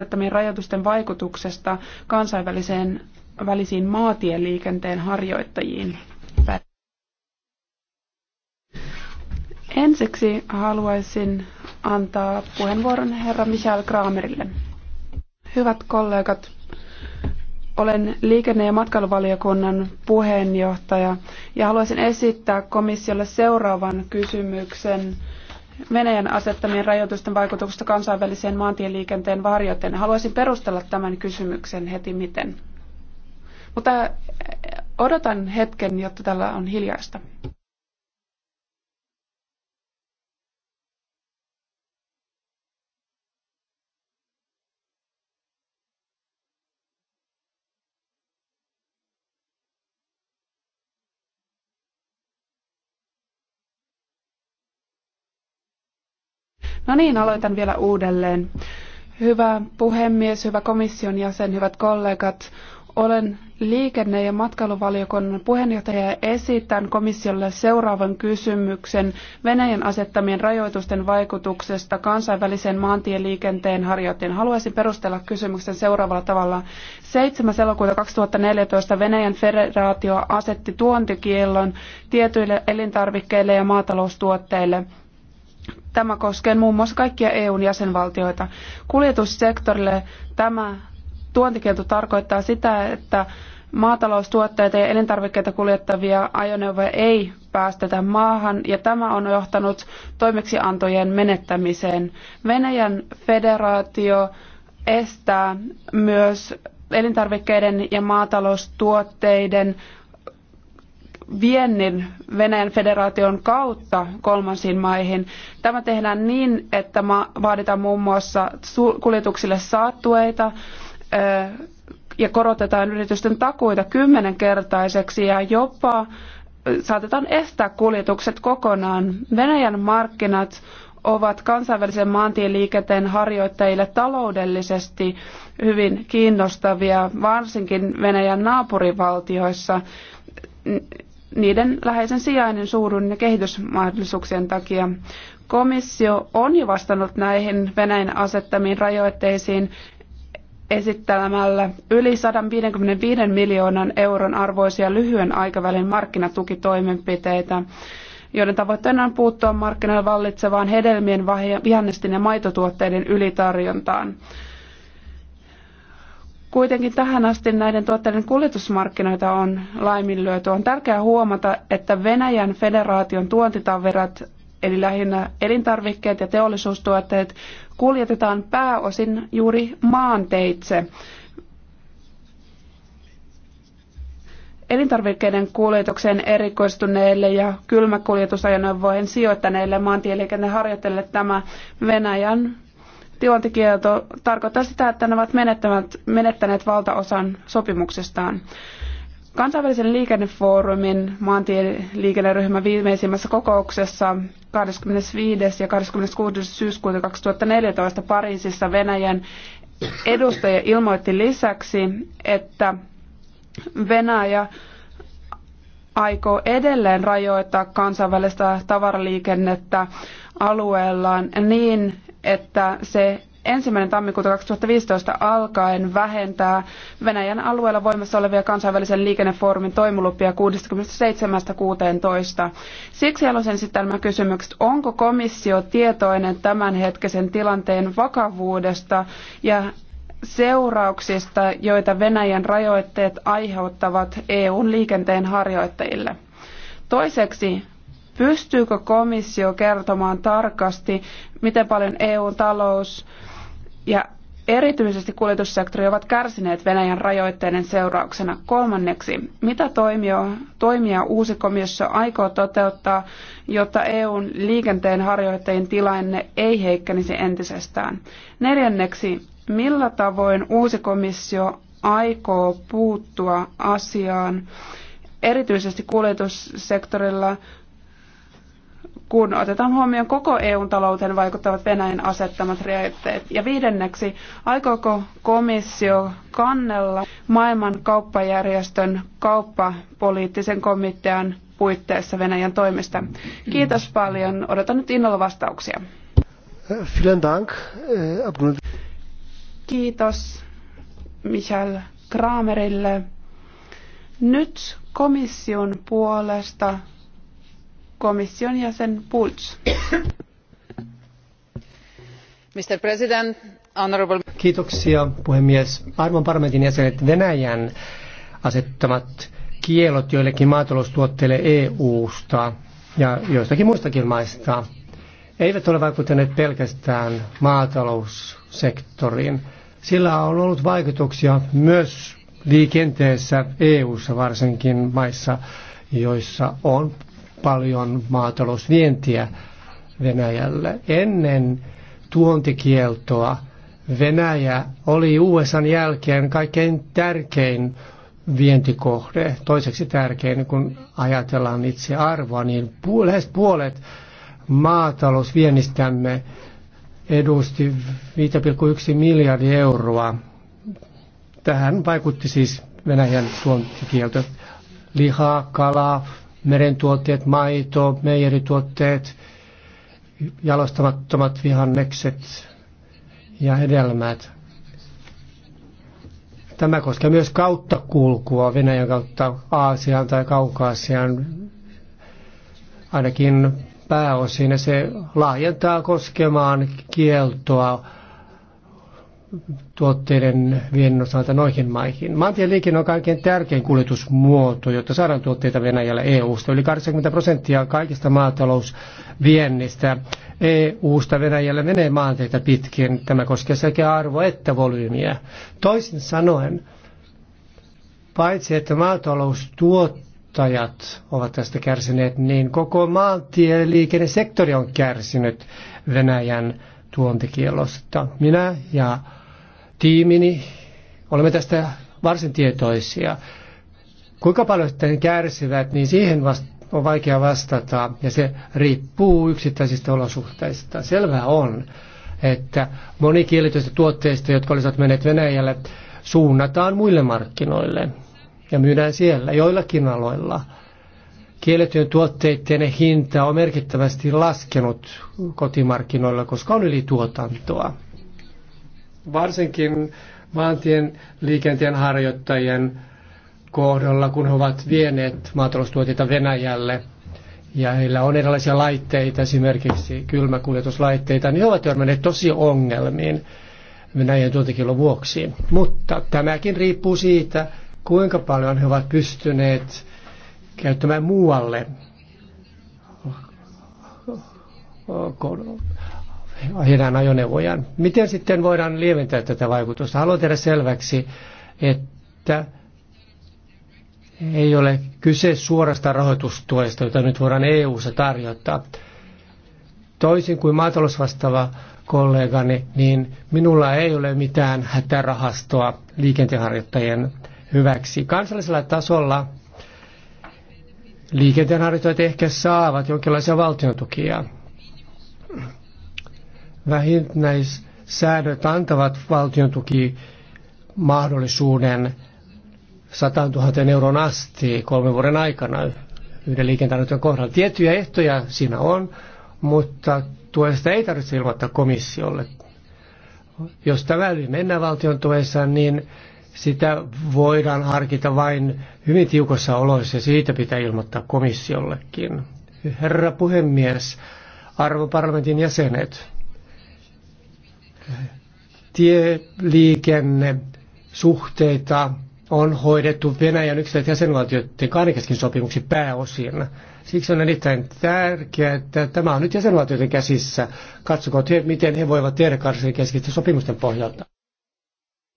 asettamien rajoitusten vaikutuksesta kansainväliseen välisiin maatieliikenteen harjoittajiin. Ensiksi haluaisin antaa puheenvuoron herra Michael Kramerille. Hyvät kollegat, olen liikenne- ja matkailuvaliokunnan puheenjohtaja ja haluaisin esittää komissiolle seuraavan kysymyksen Venäjän asettamien rajoitusten vaikutuksesta kansainväliseen maantieliikenteen varjoten. Haluaisin perustella tämän kysymyksen heti miten. Mutta eh, odotan hetken, jotta tällä on hiljaista. No niin, aloitan vielä uudelleen. Hyvä puhemies, hyvä komission jäsen, hyvät kollegat. Olen liikenne- ja matkailuvaliokunnan puheenjohtaja ja esitän komissiolle seuraavan kysymyksen Venäjän asettamien rajoitusten vaikutuksesta kansainväliseen maantieliikenteen harjoittajien. Haluaisin perustella kysymyksen seuraavalla tavalla. 7. elokuuta 2014 Venäjän federaatio asetti tuontikiellon tietyille elintarvikkeille ja maataloustuotteille. Tämä koskee muun muassa kaikkia EUn jäsenvaltioita. Kuljetussektorille tämä tuontikielto tarkoittaa sitä, että maataloustuotteita ja elintarvikkeita kuljettavia ajoneuvoja ei päästetä maahan, ja tämä on johtanut toimeksiantojen menettämiseen. Venäjän federaatio estää myös elintarvikkeiden ja maataloustuotteiden viennin Venäjän federaation kautta kolmansiin maihin. Tämä tehdään niin, että vaaditaan muun muassa kuljetuksille saattueita ja korotetaan yritysten takuita kymmenenkertaiseksi ja jopa saatetaan estää kuljetukset kokonaan. Venäjän markkinat ovat kansainvälisen maantieliikenteen harjoittajille taloudellisesti hyvin kiinnostavia, varsinkin Venäjän naapurivaltioissa niiden läheisen sijainnin suurun ja kehitysmahdollisuuksien takia. Komissio on jo vastannut näihin Venäjän asettamiin rajoitteisiin esittämällä yli 155 miljoonan euron arvoisia lyhyen aikavälin markkinatukitoimenpiteitä, joiden tavoitteena on puuttua markkinoilla vallitsevaan hedelmien, vihannesten ja maitotuotteiden ylitarjontaan. Kuitenkin tähän asti näiden tuotteiden kuljetusmarkkinoita on laiminlyöty. On tärkeää huomata, että Venäjän federaation tuontitaverat, eli lähinnä elintarvikkeet ja teollisuustuotteet, kuljetetaan pääosin juuri maanteitse. Elintarvikkeiden kuljetukseen erikoistuneille ja kylmäkuljetusajoneuvoihin sijoittaneille maantieliikenneharjoittajille tämä Venäjän Tilantekielto tarkoittaa sitä, että ne ovat menettäneet, menettäneet valtaosan sopimuksestaan. Kansainvälisen liikennefoorumin maantieliikenneryhmän viimeisimmässä kokouksessa 25. ja 26. syyskuuta 2014 Pariisissa Venäjän edustaja ilmoitti lisäksi, että Venäjä aikoo edelleen rajoittaa kansainvälistä tavaraliikennettä alueellaan niin, että se ensimmäinen tammikuuta 2015 alkaen vähentää Venäjän alueella voimassa olevia kansainvälisen liikennefoorumin toimilupia 67-16. Siksi haluaisin esittää nämä kysymykset. Onko komissio tietoinen tämänhetkisen tilanteen vakavuudesta ja seurauksista, joita Venäjän rajoitteet aiheuttavat EUn liikenteen harjoittajille? Toiseksi, Pystyykö komissio kertomaan tarkasti, miten paljon EU-talous ja erityisesti kuljetussektori ovat kärsineet Venäjän rajoitteiden seurauksena. Kolmanneksi, mitä toimia, toimia uusi komissio aikoo toteuttaa, jotta EUn liikenteen harjoittajien tilanne ei heikkenisi entisestään? Neljänneksi, millä tavoin uusi komissio aikoo puuttua asiaan, erityisesti kuljetussektorilla, kun otetaan huomioon koko EUn talouteen vaikuttavat Venäjän asettamat rajoitteet. Ja viidenneksi, aikooko komissio kannella maailman kauppajärjestön kauppapoliittisen komitean puitteissa Venäjän toimista? Kiitos paljon. Odotan nyt innolla vastauksia. Vielen dank. Kiitos Michael Kramerille. Nyt komission puolesta komission jäsen Bulc. Mr. President, honorable... Kiitoksia puhemies. Arvon parlamentin jäsenet Venäjän asettamat kielot joillekin maataloustuotteille EU-sta ja joistakin muistakin maista eivät ole vaikuttaneet pelkästään maataloussektoriin. Sillä on ollut vaikutuksia myös liikenteessä EU-ssa varsinkin maissa, joissa on paljon maatalousvientiä Venäjälle. Ennen tuontikieltoa Venäjä oli USA jälkeen kaikkein tärkein vientikohde, toiseksi tärkein, kun ajatellaan itse arvoa, niin lähes puolet maatalousviennistämme edusti 5,1 miljardia euroa. Tähän vaikutti siis Venäjän tuontikielto. Lihaa, kalaa, merentuotteet, maito, meijerituotteet, jalostamattomat vihannekset ja hedelmät. Tämä koskee myös kauttakulkua Venäjän kautta Aasiaan tai Kaukaasiaan, ainakin pääosin, ja se laajentaa koskemaan kieltoa tuotteiden viennin osalta noihin maihin. liikenne on kaikkein tärkein kuljetusmuoto, jotta saadaan tuotteita Venäjälle EU-sta. Yli 80 prosenttia kaikista maatalousviennistä EU-sta Venäjälle menee maanteita pitkin. Tämä koskee sekä arvo että volyymiä. Toisin sanoen, paitsi että maataloustuottajat ovat tästä kärsineet, niin koko maantieliikennesektori on kärsinyt Venäjän tuontikielosta. Minä ja tiimini, olemme tästä varsin tietoisia. Kuinka paljon sitten kärsivät, niin siihen vasta on vaikea vastata ja se riippuu yksittäisistä olosuhteista. Selvää on, että monikielitystä tuotteista, jotka olisivat menneet Venäjälle, suunnataan muille markkinoille ja myydään siellä joillakin aloilla. Kiellettyjen tuotteiden hinta on merkittävästi laskenut kotimarkkinoilla, koska on ylituotantoa varsinkin maantien liikenteen harjoittajien kohdalla, kun he ovat vieneet maataloustuotteita Venäjälle ja heillä on erilaisia laitteita, esimerkiksi kylmäkuljetuslaitteita, niin he ovat törmänneet tosi ongelmiin Venäjän tuotekilon vuoksi. Mutta tämäkin riippuu siitä, kuinka paljon he ovat pystyneet käyttämään muualle heidän ajoneuvojaan. Miten sitten voidaan lieventää tätä vaikutusta? Haluan tehdä selväksi, että ei ole kyse suorasta rahoitustuesta, jota nyt voidaan EU-ssa tarjota. Toisin kuin maatalousvastaava kollegani, niin minulla ei ole mitään hätärahastoa liikenteenharjoittajien hyväksi. Kansallisella tasolla liikenteenharjoittajat ehkä saavat jonkinlaisia valtiontukia vähintäissäädöt antavat valtion tuki mahdollisuuden 100 000 euron asti kolmen vuoden aikana yhden liikenteenharjoittajan kohdalla. Tiettyjä ehtoja siinä on, mutta tuesta ei tarvitse ilmoittaa komissiolle. Jos tämä yli mennään valtion tuessa, niin sitä voidaan harkita vain hyvin tiukossa oloissa ja siitä pitää ilmoittaa komissiollekin. Herra puhemies, arvo parlamentin jäsenet, tieliikennesuhteita on hoidettu Venäjän yksittäisten jäsenvaltioiden kahdenkeskin sopimuksen pääosin. Siksi on erittäin tärkeää, että tämä on nyt jäsenvaltioiden käsissä. Katsokaa, miten he voivat tehdä kahdenkeskisten sopimusten pohjalta.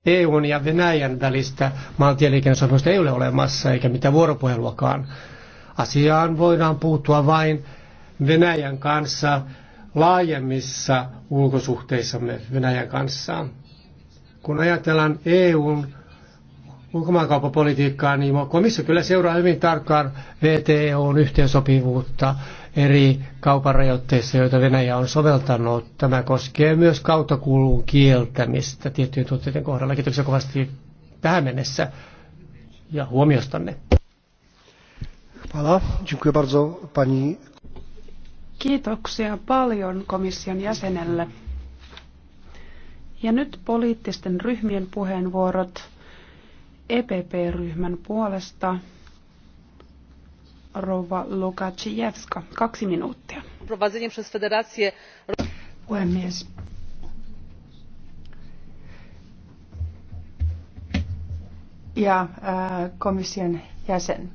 EUn ja Venäjän välistä maantieliikennesopimusta ei ole olemassa eikä mitään vuoropuheluakaan. Asiaan voidaan puuttua vain Venäjän kanssa laajemmissa ulkosuhteissamme Venäjän kanssa. Kun ajatellaan EUn ulkomaankauppapolitiikkaa, niin komissio kyllä seuraa hyvin tarkkaan VTOn yhteensopivuutta eri kaupan rajoitteissa, joita Venäjä on soveltanut. Tämä koskee myös kautakulun kieltämistä tiettyjen tuotteiden kohdalla. Kiitoksia kovasti tähän mennessä ja huomiostanne. Pana. Dziękuję bardzo pani Kiitoksia paljon komission jäsenelle. Ja nyt poliittisten ryhmien puheenvuorot EPP-ryhmän puolesta. Rova Lukacijewska, kaksi minuuttia. Puhemies. Ja äh, komission jäsen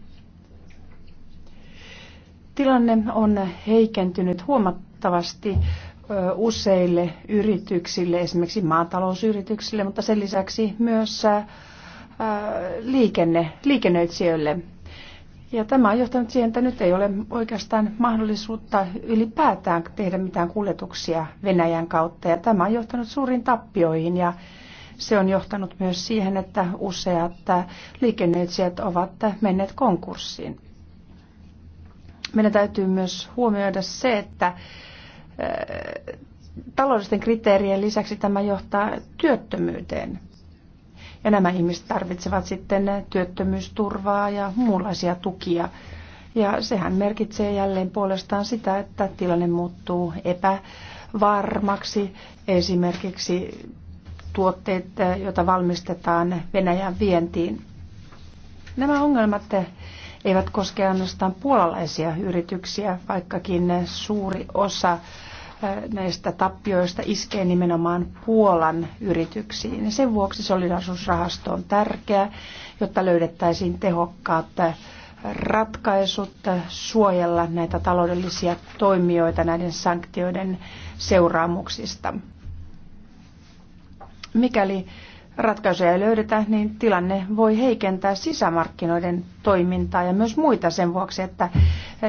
Tilanne on heikentynyt huomattavasti useille yrityksille, esimerkiksi maatalousyrityksille, mutta sen lisäksi myös liikenne, liikennöitsijöille. Ja tämä on johtanut siihen, että nyt ei ole oikeastaan mahdollisuutta ylipäätään tehdä mitään kuljetuksia Venäjän kautta. Ja tämä on johtanut suuriin tappioihin ja se on johtanut myös siihen, että useat liikennöitsijät ovat menneet konkurssiin meidän täytyy myös huomioida se, että äh, taloudellisten kriteerien lisäksi tämä johtaa työttömyyteen. Ja nämä ihmiset tarvitsevat sitten työttömyysturvaa ja muunlaisia tukia. Ja sehän merkitsee jälleen puolestaan sitä, että tilanne muuttuu epävarmaksi. Esimerkiksi tuotteet, joita valmistetaan Venäjän vientiin. Nämä ongelmat eivät koske ainoastaan puolalaisia yrityksiä, vaikkakin suuri osa näistä tappioista iskee nimenomaan Puolan yrityksiin. Sen vuoksi solidarisuusrahasto on tärkeä, jotta löydettäisiin tehokkaat ratkaisut suojella näitä taloudellisia toimijoita näiden sanktioiden seuraamuksista. Mikäli ratkaisuja ei löydetä, niin tilanne voi heikentää sisämarkkinoiden toimintaa ja myös muita sen vuoksi, että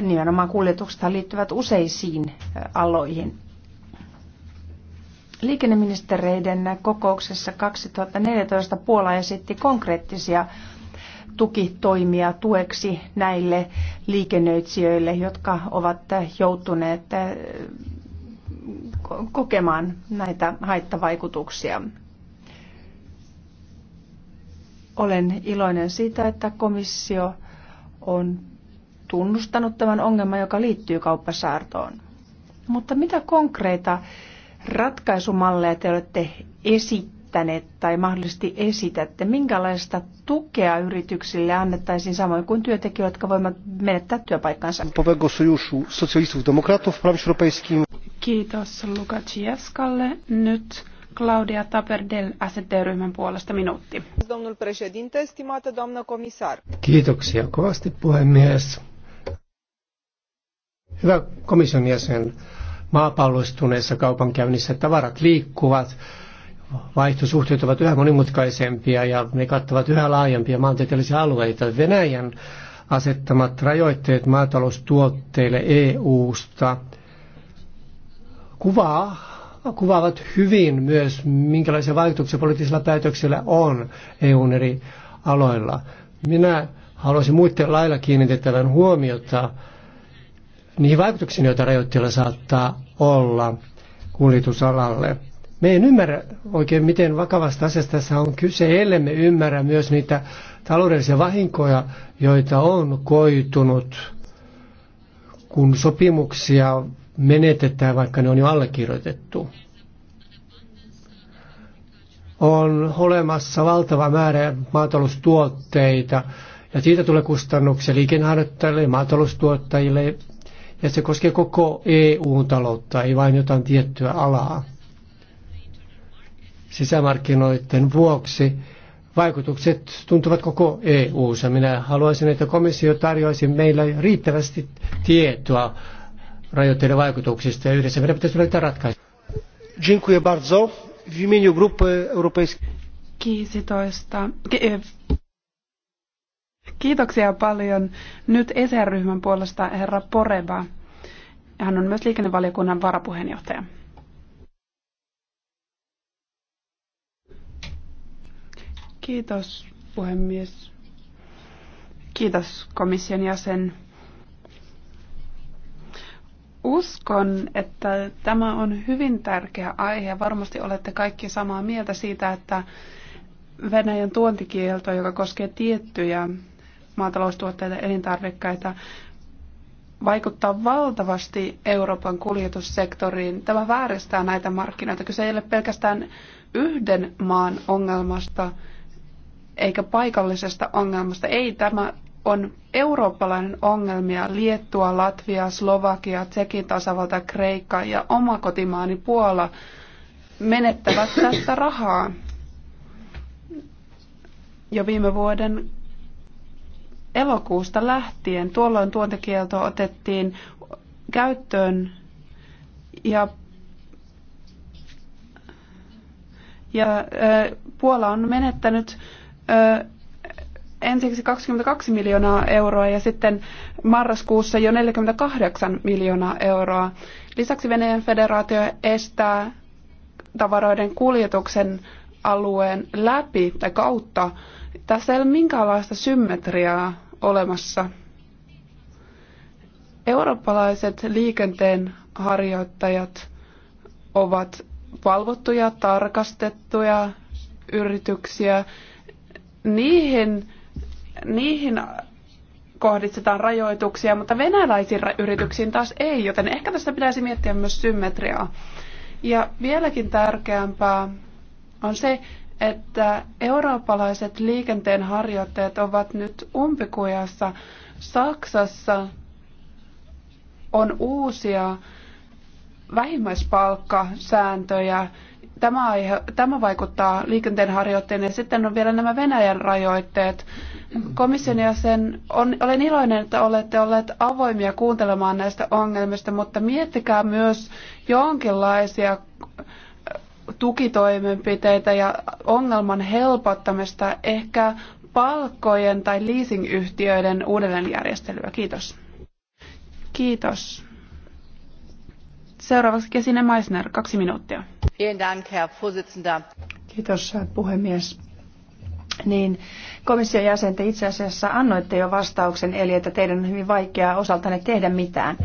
nimenomaan kuljetukset liittyvät useisiin aloihin. Liikenneministereiden kokouksessa 2014 Puola esitti konkreettisia tukitoimia tueksi näille liikennöitsijöille, jotka ovat joutuneet kokemaan näitä haittavaikutuksia. Olen iloinen siitä, että komissio on tunnustanut tämän ongelman, joka liittyy kauppasaartoon. Mutta mitä konkreita ratkaisumalleja te olette esittäneet tai mahdollisesti esitätte? Minkälaista tukea yrityksille annettaisiin samoin kuin työntekijöille, jotka voivat menettää työpaikkansa? Kiitos Lukaciaskalle. Nyt Claudia Taperdel ST-ryhmän puolesta minuutti. Domnul președinte, comisar. Kiitoksia kovasti puhemies. Hyvä komission jäsen, maapallostuneessa kaupankäynnissä tavarat liikkuvat, vaihtosuhteet ovat yhä monimutkaisempia ja ne kattavat yhä laajempia maantieteellisiä alueita. Venäjän asettamat rajoitteet maataloustuotteille EU-sta kuvaa kuvaavat hyvin myös, minkälaisia vaikutuksia poliittisilla päätöksillä on EUn eri aloilla. Minä haluaisin muiden lailla kiinnitettävän huomiota niihin vaikutuksiin, joita rajoitteilla saattaa olla kuljetusalalle. Me en ymmärrä oikein, miten vakavasta asiasta tässä on kyse, ellei me ymmärrä myös niitä taloudellisia vahinkoja, joita on koitunut, kun sopimuksia menetetään, vaikka ne on jo allekirjoitettu. On olemassa valtava määrä maataloustuotteita, ja siitä tulee kustannuksia liikenneharjoittajille, maataloustuottajille, ja se koskee koko EU-taloutta, ei vain jotain tiettyä alaa. Sisämarkkinoiden vuoksi vaikutukset tuntuvat koko EU-ssa. Minä haluaisin, että komissio tarjoaisi meille riittävästi tietoa rajoitteiden vaikutuksista ja yhdessä meidän pitäisi löytää ratkaisu. Dziękuję bardzo. W imieniu grupy europejskiej. E- Kiitoksia paljon. Nyt ESR-ryhmän puolesta herra Poreba. Hän on myös liikennevaliokunnan varapuheenjohtaja. Kiitos puhemies. Kiitos komission jäsen. Uskon, että tämä on hyvin tärkeä aihe. Varmasti olette kaikki samaa mieltä siitä, että Venäjän tuontikielto, joka koskee tiettyjä maataloustuotteita ja elintarvikkeita, vaikuttaa valtavasti Euroopan kuljetussektoriin. Tämä vääristää näitä markkinoita. Kyse ei ole pelkästään yhden maan ongelmasta eikä paikallisesta ongelmasta. Ei, tämä on eurooppalainen ongelmia Liettua, Latvia, Slovakia, Tsekin tasavalta, Kreikka ja oma kotimaani Puola menettävät tästä rahaa. Jo viime vuoden elokuusta lähtien tuolloin tuontekielto otettiin käyttöön ja, ja ö, Puola on menettänyt ö, ensiksi 22 miljoonaa euroa ja sitten marraskuussa jo 48 miljoonaa euroa. Lisäksi Venäjän federaatio estää tavaroiden kuljetuksen alueen läpi tai kautta. Tässä ei ole minkäänlaista symmetriaa olemassa. Eurooppalaiset liikenteen harjoittajat ovat valvottuja, tarkastettuja yrityksiä. Niihin niihin kohdistetaan rajoituksia, mutta venäläisiin yrityksiin taas ei, joten ehkä tässä pitäisi miettiä myös symmetriaa. Ja vieläkin tärkeämpää on se, että eurooppalaiset liikenteen harjoittajat ovat nyt umpikujassa. Saksassa on uusia vähimmäispalkkasääntöjä, tämä, aihe, tämä vaikuttaa liikenteenharjoittajien ja sitten on vielä nämä Venäjän rajoitteet. Komission jäsen, on, olen iloinen, että olette olleet avoimia kuuntelemaan näistä ongelmista, mutta miettikää myös jonkinlaisia äh, tukitoimenpiteitä ja ongelman helpottamista, ehkä palkkojen tai leasingyhtiöiden uudelleenjärjestelyä. Kiitos. Kiitos. Seuraavaksi Kesine Meissner, kaksi minuuttia. Kiitos puhemies. Niin, komission jäsen, te itse asiassa annoitte jo vastauksen, eli että teidän on hyvin vaikeaa osaltanne tehdä mitään.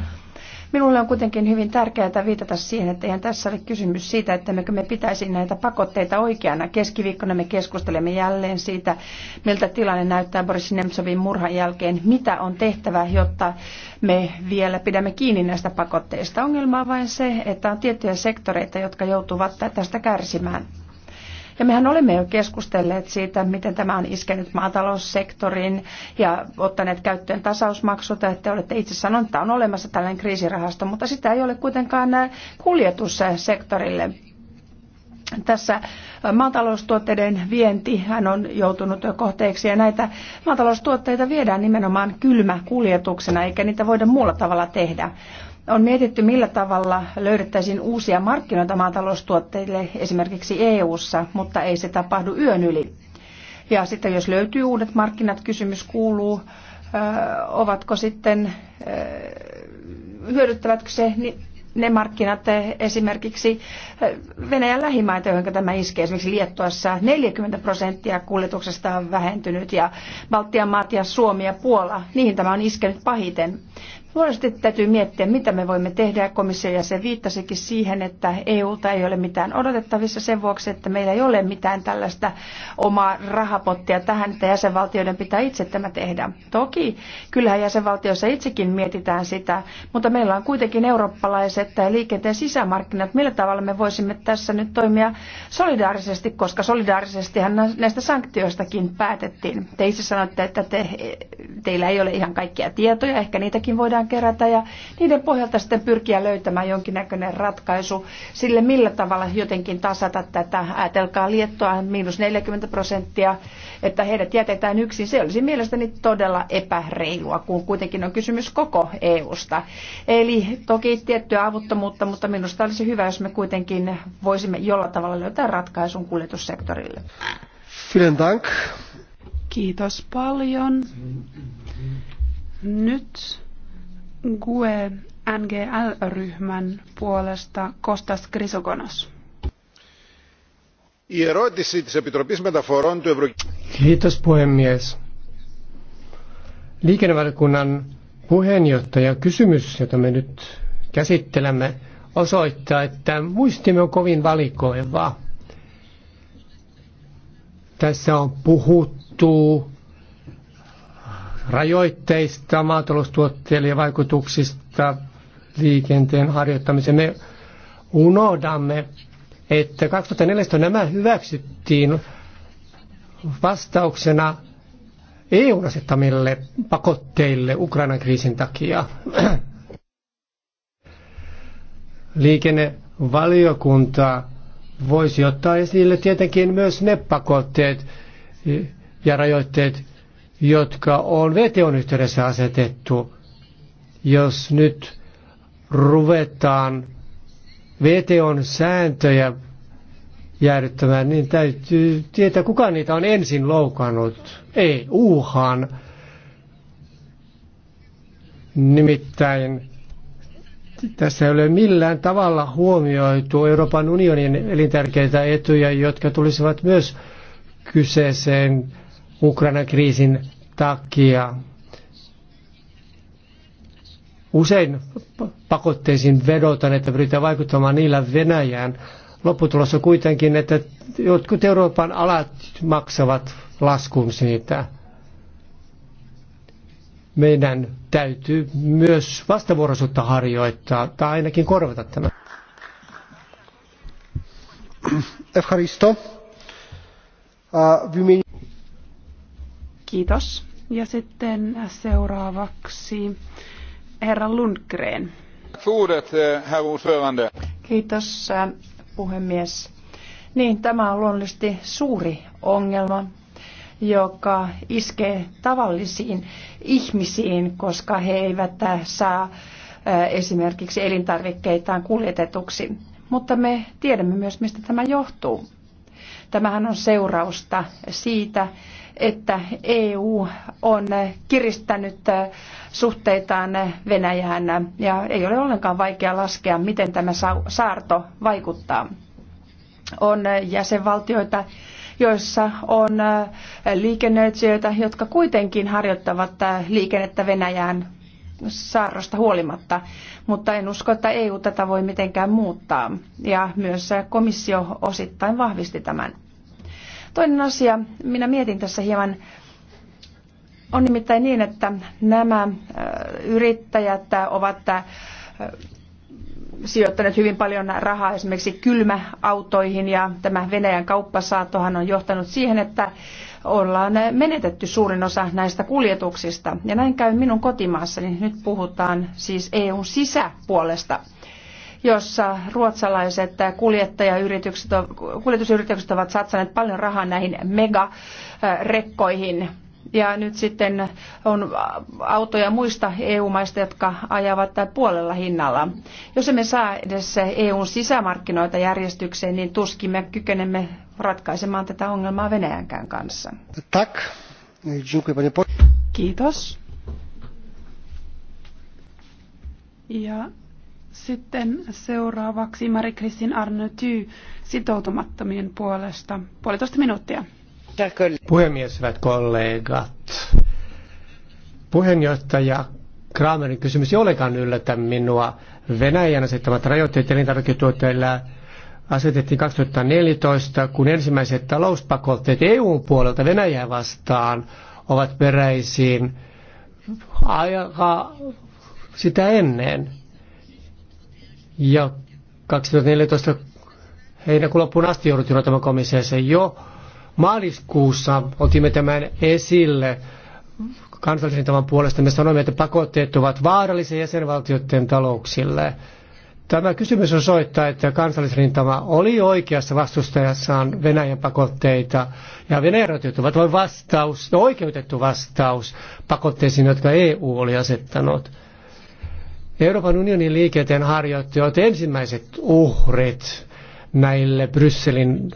Minulle on kuitenkin hyvin tärkeää viitata siihen, että eihän tässä ole kysymys siitä, että me pitäisi näitä pakotteita oikeana. Keskiviikkona me keskustelemme jälleen siitä, miltä tilanne näyttää Boris Nemtsovin murhan jälkeen, mitä on tehtävä, jotta me vielä pidämme kiinni näistä pakotteista. Ongelma on vain se, että on tiettyjä sektoreita, jotka joutuvat tästä kärsimään. Ja mehän olemme jo keskustelleet siitä, miten tämä on iskenyt maataloussektoriin ja ottaneet käyttöön tasausmaksut. Te olette itse sanoneet, että on olemassa tällainen kriisirahasto, mutta sitä ei ole kuitenkaan kuljetussektorille tässä maataloustuotteiden vienti hän on joutunut kohteeksi ja näitä maataloustuotteita viedään nimenomaan kylmäkuljetuksena eikä niitä voida muulla tavalla tehdä. On mietitty, millä tavalla löydettäisiin uusia markkinoita maataloustuotteille esimerkiksi EU:ssa, mutta ei se tapahdu yön yli. Ja sitten jos löytyy uudet markkinat, kysymys kuuluu, ovatko sitten, hyödyttävätkö se ne markkinat eh, esimerkiksi eh, Venäjän lähimaita, joihin tämä iskee, esimerkiksi Liettuassa 40 prosenttia kuljetuksesta on vähentynyt ja Baltian maat ja Suomi ja Puola, niihin tämä on iskenyt pahiten. Luonnollisesti täytyy miettiä, mitä me voimme tehdä. Komission jäsen viittasikin siihen, että EUlta ei ole mitään odotettavissa sen vuoksi, että meillä ei ole mitään tällaista omaa rahapottia tähän, että jäsenvaltioiden pitää itse tämä tehdä. Toki kyllähän jäsenvaltioissa itsekin mietitään sitä, mutta meillä on kuitenkin eurooppalaiset tai liikenteen sisämarkkinat. Millä tavalla me voisimme tässä nyt toimia solidaarisesti, koska solidaarisestihan näistä sanktioistakin päätettiin. Te itse sanoitte, että te, teillä ei ole ihan kaikkia tietoja, ehkä niitäkin voidaan voidaan kerätä ja niiden pohjalta sitten pyrkiä löytämään jonkinnäköinen ratkaisu sille, millä tavalla jotenkin tasata tätä. Ajatelkaa liettoa, miinus 40 prosenttia, että heidät jätetään yksin. Se olisi mielestäni todella epäreilua, kun kuitenkin on kysymys koko EUsta. Eli toki tiettyä avuttomuutta, mutta minusta olisi hyvä, jos me kuitenkin voisimme jollain tavalla löytää ratkaisun kuljetussektorille. Vielen Dank. Kiitos paljon. Nyt GUE NGL-ryhmän puolesta Kostas Krisogonos. Kiitos puhemies. Liikennevalkunnan Επιτροπής puheenjohtaja kysymys, jota me nyt käsittelemme, osoittaa, että muistimme on kovin valikoivaa. Tässä on puhuttu rajoitteista, ja vaikutuksista liikenteen harjoittamiseen. Me unohdamme, että 2014 nämä hyväksyttiin vastauksena EUn asettamille pakotteille Ukrainan kriisin takia. Liikennevaliokunta voisi ottaa esille tietenkin myös ne pakotteet ja rajoitteet, jotka on veteon yhteydessä asetettu. Jos nyt ruvetaan veteon sääntöjä jäädyttämään, niin täytyy tietää, kuka niitä on ensin loukannut. E Uuhan Nimittäin tässä ei ole millään tavalla huomioitu Euroopan unionin elintärkeitä etuja, jotka tulisivat myös kyseeseen Ukrainan kriisin takia. Usein pakotteisiin vedotaan, että pyritään vaikuttamaan niillä Venäjään. Lopputulossa kuitenkin, että jotkut Euroopan alat maksavat laskun siitä. Meidän täytyy myös vastavuoroisuutta harjoittaa tai ainakin korvata tämä. Evharisto. Uh, Kiitos. Ja sitten seuraavaksi herra Lundgren. Kiitos äh, puhemies. Niin, tämä on luonnollisesti suuri ongelma, joka iskee tavallisiin ihmisiin, koska he eivät äh, saa äh, esimerkiksi elintarvikkeitaan kuljetetuksi. Mutta me tiedämme myös, mistä tämä johtuu. Tämähän on seurausta siitä, että EU on kiristänyt suhteitaan Venäjään ja ei ole ollenkaan vaikea laskea, miten tämä saarto vaikuttaa. On jäsenvaltioita, joissa on liikennöitsijöitä, jotka kuitenkin harjoittavat liikennettä Venäjään saarrosta huolimatta, mutta en usko, että EU tätä voi mitenkään muuttaa. Ja myös komissio osittain vahvisti tämän. Toinen asia, minä mietin tässä hieman, on nimittäin niin, että nämä äh, yrittäjät ovat äh, sijoittaneet hyvin paljon rahaa esimerkiksi kylmäautoihin ja tämä Venäjän kauppasaatohan on johtanut siihen, että ollaan menetetty suurin osa näistä kuljetuksista. Ja näin käy minun kotimaassani. Nyt puhutaan siis EUn sisäpuolesta jossa ruotsalaiset kuljettajayritykset, kuljetusyritykset ovat satsaneet paljon rahaa näihin megarekkoihin. Ja nyt sitten on autoja muista EU-maista, jotka ajavat puolella hinnalla. Jos emme saa edes EUn sisämarkkinoita järjestykseen, niin tuskin me kykenemme ratkaisemaan tätä ongelmaa Venäjänkään kanssa. Tak. Kiitos. Ja sitten seuraavaksi marie kristin Arnauty sitoutumattomien puolesta. Puolitoista minuuttia. Puhemies, hyvät kollegat. Puheenjohtaja Kramerin kysymys ei olekaan yllätä minua. Venäjän asettamat rajoitteet elintarviketuotteilla asetettiin 2014, kun ensimmäiset talouspakotteet EUn puolelta Venäjää vastaan ovat peräisin aika sitä ennen. Ja 2014 heinäkuun loppuun asti jouduttiin odottamaan komisseessa. Jo maaliskuussa otimme tämän esille kansallisen tavan puolesta. Me sanoimme, että pakotteet ovat vaarallisia jäsenvaltioiden talouksille. Tämä kysymys osoittaa, että kansallisrintama oli oikeassa vastustajassaan Venäjän pakotteita ja Venäjän rajoitukset ovat vain vastaus, no, oikeutettu vastaus pakotteisiin, jotka EU oli asettanut. Euroopan unionin liikenteen harjoittajat ensimmäiset uhrit näille Brysselin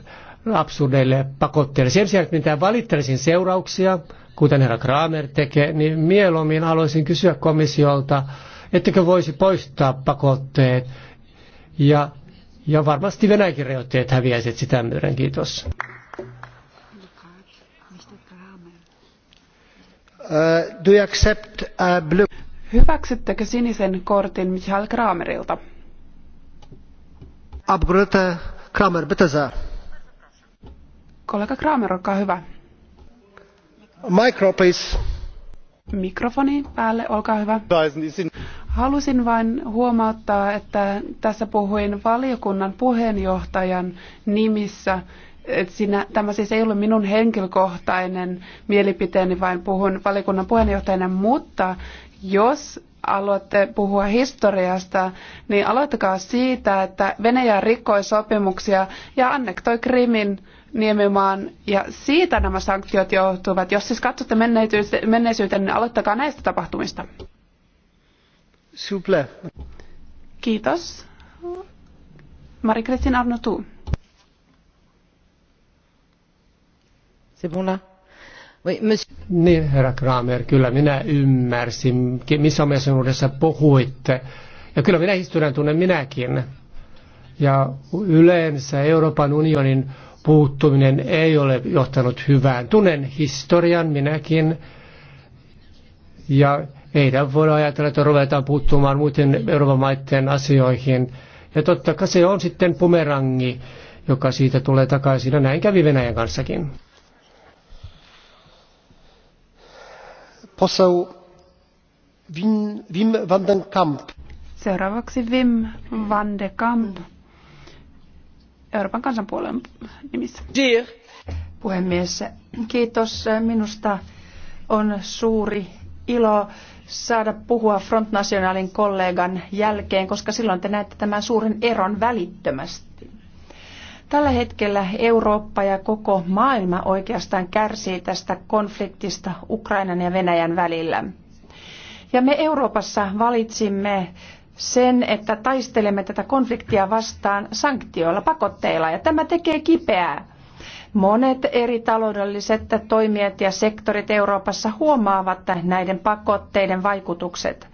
absurdeille pakotteille. Sen sijaan, että mitä valittelisin seurauksia, kuten herra Kramer tekee, niin mieluummin haluaisin kysyä komissiolta, ettekö voisi poistaa pakotteet ja, ja varmasti Venäjäkin rajoitteet häviäisivät sitä myöden. Kiitos. Uh, do you accept, uh, blue? Hyväksyttekö sinisen kortin Michael Kramerilta? Abgröte Kramer, bitte sehr. Kollega Kramer, olkaa hyvä. Micro, please. Mikrofoni päälle, olkaa hyvä. Halusin vain huomauttaa, että tässä puhuin valiokunnan puheenjohtajan nimissä. Sinä, tämä siis ei ole minun henkilökohtainen mielipiteeni, vaan puhun valiokunnan puheenjohtajana, mutta jos haluatte puhua historiasta, niin aloittakaa siitä, että Venäjä rikkoi sopimuksia ja annektoi Krimin niemimaan, ja siitä nämä sanktiot johtuvat. Jos siis katsotte menneisyyteen, niin aloittakaa näistä tapahtumista. Suple. Kiitos. Marie-Christine Arnotu. C'est bon là niin, herra Kramer, kyllä minä ymmärsin, missä omaisuudessa puhuitte. Ja kyllä minä historian tunnen minäkin. Ja yleensä Euroopan unionin puuttuminen ei ole johtanut hyvään. Tunnen historian minäkin. Ja ei voida ajatella, että ruvetaan puuttumaan muiden Euroopan maiden asioihin. Ja totta kai se on sitten pumerangi, joka siitä tulee takaisin. Ja näin kävi Venäjän kanssakin. Wim van den Kamp. Seuraavaksi Wim van de Kamp Euroopan kansanpuolen nimissä. Dear. Puhemies, kiitos. Minusta on suuri ilo saada puhua Front Nationalin kollegan jälkeen, koska silloin te näette tämän suuren eron välittömästi. Tällä hetkellä Eurooppa ja koko maailma oikeastaan kärsii tästä konfliktista Ukrainan ja Venäjän välillä. Ja me Euroopassa valitsimme sen, että taistelemme tätä konfliktia vastaan sanktioilla, pakotteilla, ja tämä tekee kipeää. Monet eri taloudelliset toimijat ja sektorit Euroopassa huomaavat näiden pakotteiden vaikutukset.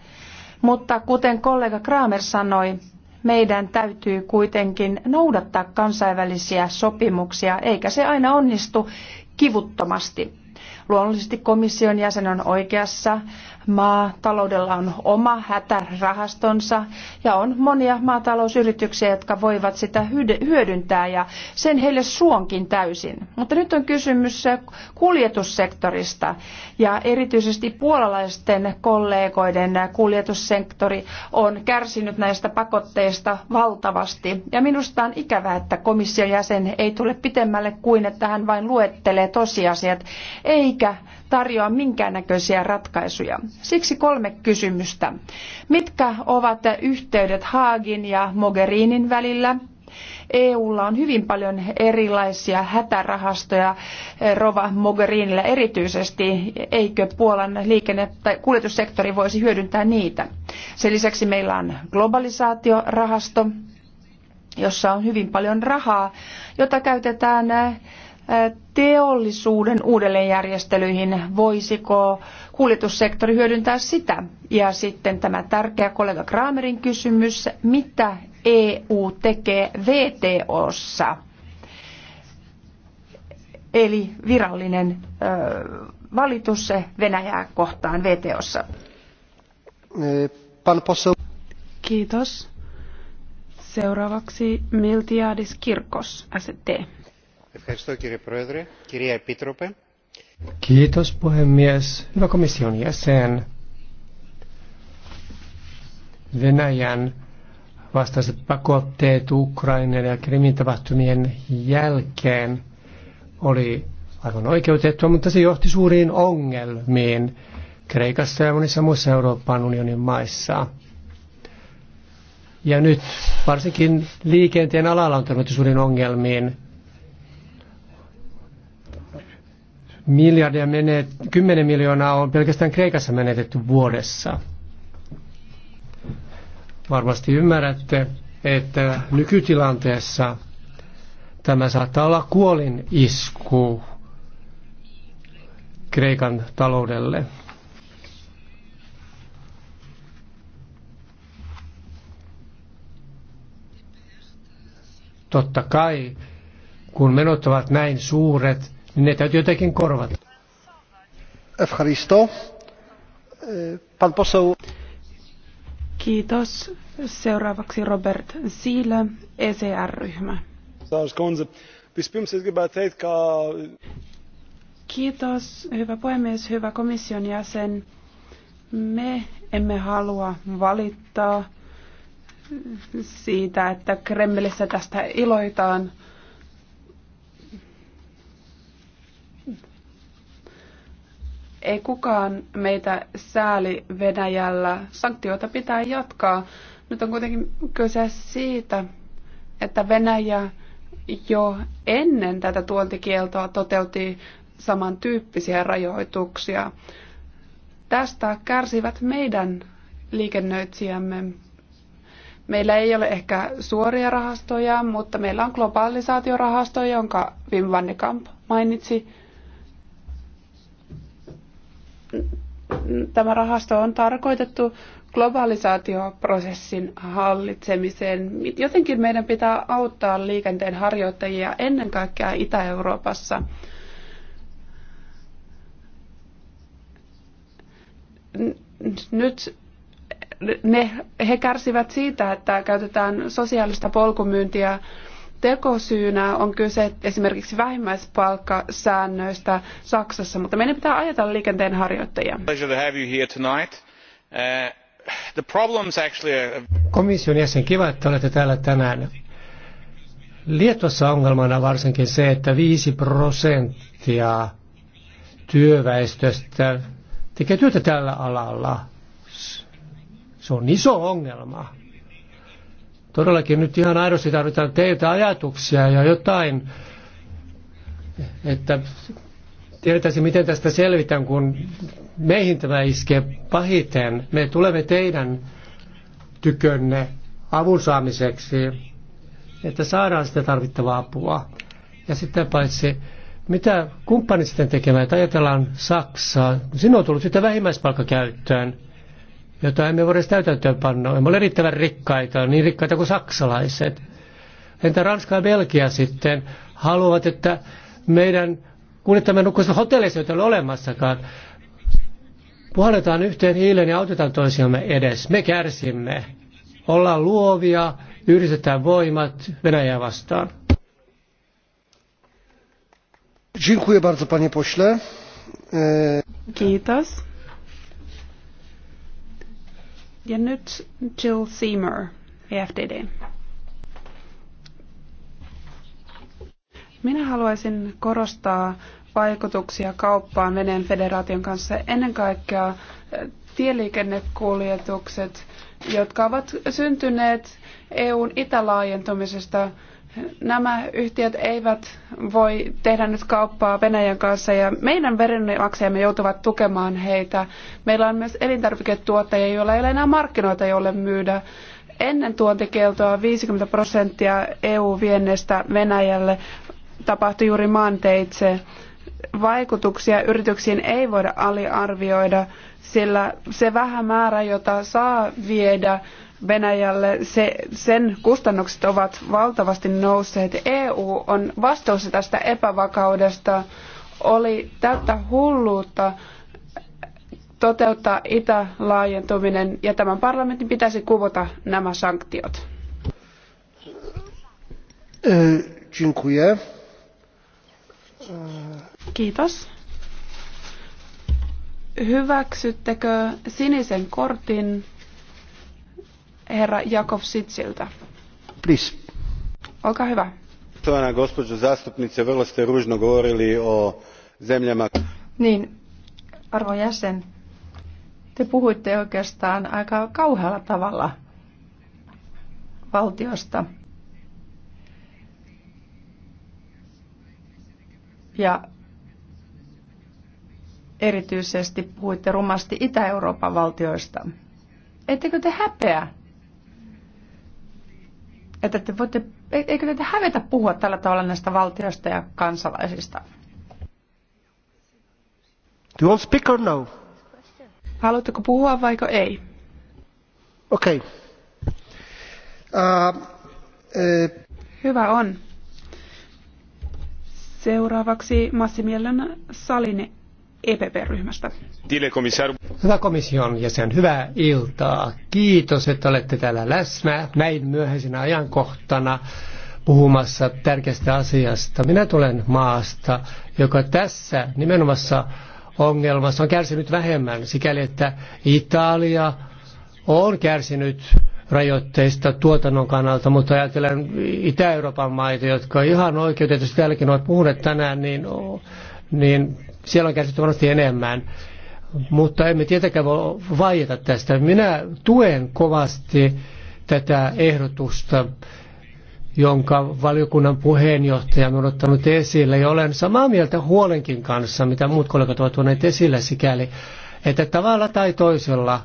Mutta kuten kollega Kramer sanoi, meidän täytyy kuitenkin noudattaa kansainvälisiä sopimuksia, eikä se aina onnistu kivuttomasti. Luonnollisesti komission jäsen on oikeassa maataloudella on oma hätärahastonsa ja on monia maatalousyrityksiä, jotka voivat sitä hyödyntää ja sen heille suonkin täysin. Mutta nyt on kysymys äh, kuljetussektorista ja erityisesti puolalaisten kollegoiden äh, kuljetussektori on kärsinyt näistä pakotteista valtavasti. Ja minusta on ikävää, että komission jäsen ei tule pitemmälle kuin, että hän vain luettelee tosiasiat, eikä tarjoa minkäännäköisiä ratkaisuja. Siksi kolme kysymystä. Mitkä ovat yhteydet Haagin ja Mogherinin välillä? EUlla on hyvin paljon erilaisia hätärahastoja, eh, Rova Mogherinillä erityisesti, eikö Puolan liikenne- tai kuljetussektori voisi hyödyntää niitä. Sen lisäksi meillä on globalisaatiorahasto, jossa on hyvin paljon rahaa, jota käytetään eh, teollisuuden uudelleenjärjestelyihin, voisiko kuljetussektori hyödyntää sitä? Ja sitten tämä tärkeä kollega Kramerin kysymys, mitä EU tekee VTOssa? Eli virallinen ö, valitus Venäjää kohtaan VTOssa. Kiitos. Seuraavaksi Miltiadis Kirkos, ST. Kiitos puhemies. Hyvä komission jäsen. Venäjän vastaiset pakotteet Ukrainan ja Krimin tapahtumien jälkeen oli aivan oikeutettua, mutta se johti suuriin ongelmiin Kreikassa ja monissa muissa Euroopan unionin maissa. Ja nyt varsinkin liikenteen alalla on törmätty suuriin ongelmiin miljardia menet, 10 miljoonaa on pelkästään Kreikassa menetetty vuodessa. Varmasti ymmärrätte, että nykytilanteessa tämä saattaa olla kuolin isku Kreikan taloudelle. Totta kai, kun menot ovat näin suuret, niin ne täytyy jotenkin korvata. Eh, Kiitos. Seuraavaksi Robert Siile, ECR-ryhmä. Kiitos, hyvä puhemies, hyvä komission jäsen. Me emme halua valittaa siitä, että Kremlissä tästä iloitaan, Ei kukaan meitä sääli Venäjällä. Sanktioita pitää jatkaa. Nyt on kuitenkin kyse siitä, että Venäjä jo ennen tätä tuontikieltoa toteutti samantyyppisiä rajoituksia. Tästä kärsivät meidän liikennöitsijämme. Meillä ei ole ehkä suoria rahastoja, mutta meillä on globalisaatiorahasto, jonka Wim van mainitsi tämä rahasto on tarkoitettu globalisaatioprosessin hallitsemiseen. Jotenkin meidän pitää auttaa liikenteen harjoittajia ennen kaikkea Itä-Euroopassa. Nyt ne, he kärsivät siitä, että käytetään sosiaalista polkumyyntiä tekosyynä on kyse esimerkiksi vähimmäispalkkasäännöistä Saksassa, mutta meidän pitää ajatella liikenteen harjoittajia. Uh, Komission jäsen, kiva, että olette täällä tänään. Liettuassa ongelmana varsinkin se, että 5 prosenttia työväestöstä tekee työtä tällä alalla. Se on iso ongelma. Todellakin nyt ihan aidosti tarvitaan teiltä ajatuksia ja jotain, että tiedettäisiin, miten tästä selvitään, kun meihin tämä iskee pahiten. Me tulemme teidän tykönne avun saamiseksi, että saadaan sitä tarvittavaa apua. Ja sitten paitsi, mitä kumppanit sitten tekevät, ajatellaan Saksaa, sinun on tullut sitä vähimmäispalkka käyttöön jota emme voi edes täytäntöön panna. Emme ole riittävän rikkaita, niin rikkaita kuin saksalaiset. Entä Ranska ja Belgia sitten haluavat, että meidän kuljettamme nukkuisilla hotelleissa, joita ole olemassakaan, puhalletaan yhteen hiileen ja autetaan toisiamme edes. Me kärsimme. Ollaan luovia, yhdistetään voimat Venäjää vastaan. Dziękuję bardzo, panie pośle. E- Kiitos. Ja nyt Jill Seymour, EFDD. Minä haluaisin korostaa vaikutuksia kauppaan Venäjän federaation kanssa ennen kaikkea eh, tieliikennekuljetukset, jotka ovat syntyneet EUn itälaajentumisesta Nämä yhtiöt eivät voi tehdä nyt kauppaa Venäjän kanssa ja meidän veronmaksajamme joutuvat tukemaan heitä. Meillä on myös elintarviketuottajia, joilla ei ole enää markkinoita, joille myydä ennen tuontikieltoa 50 prosenttia EU-viennestä Venäjälle tapahtui juuri maanteitse. Vaikutuksia yrityksiin ei voida aliarvioida, sillä se vähä määrä, jota saa viedä, Venäjälle, se, sen kustannukset ovat valtavasti nousseet. EU on vastuussa tästä epävakaudesta. Oli täyttä hulluutta toteuttaa itälaajentuminen ja tämän parlamentin pitäisi kuvota nämä sanktiot. E, e. Kiitos. Hyväksyttekö sinisen kortin? herra Jakovsitsiltä. Please. Olkaa hyvä. Poštovana gospođo zastupnice, vrlo ste ružno govorili o zemljama... Niin, arvo jäsen, te puhuitte oikeastaan aika kauhealla tavalla valtiosta. Ja erityisesti puhuitte rumasti Itä-Euroopan valtioista. Ettekö te häpeä että te voitte, eikö teitä hävetä puhua tällä tavalla näistä valtioista ja kansalaisista? Do you want speak or no? Haluatteko puhua vaiko ei? Okei. Okay. Uh, uh, Hyvä on. Seuraavaksi Massimiliana Salini EPP-ryhmästä. Hyvä komission jäsen, hyvää iltaa. Kiitos, että olette täällä läsnä näin myöhäisenä ajankohtana puhumassa tärkeästä asiasta. Minä tulen maasta, joka tässä nimenomaisessa ongelmassa on kärsinyt vähemmän, sikäli että Italia on kärsinyt rajoitteista tuotannon kannalta, mutta ajatellen Itä-Euroopan maita, jotka ihan oikeutetusti täälläkin ovat puhuneet tänään, niin niin siellä on kärsitty varmasti enemmän. Mutta emme tietenkään voi vaieta tästä. Minä tuen kovasti tätä ehdotusta, jonka valiokunnan puheenjohtaja on ottanut esille. Ja olen samaa mieltä huolenkin kanssa, mitä muut kollegat ovat tuoneet esille sikäli, että tavalla tai toisella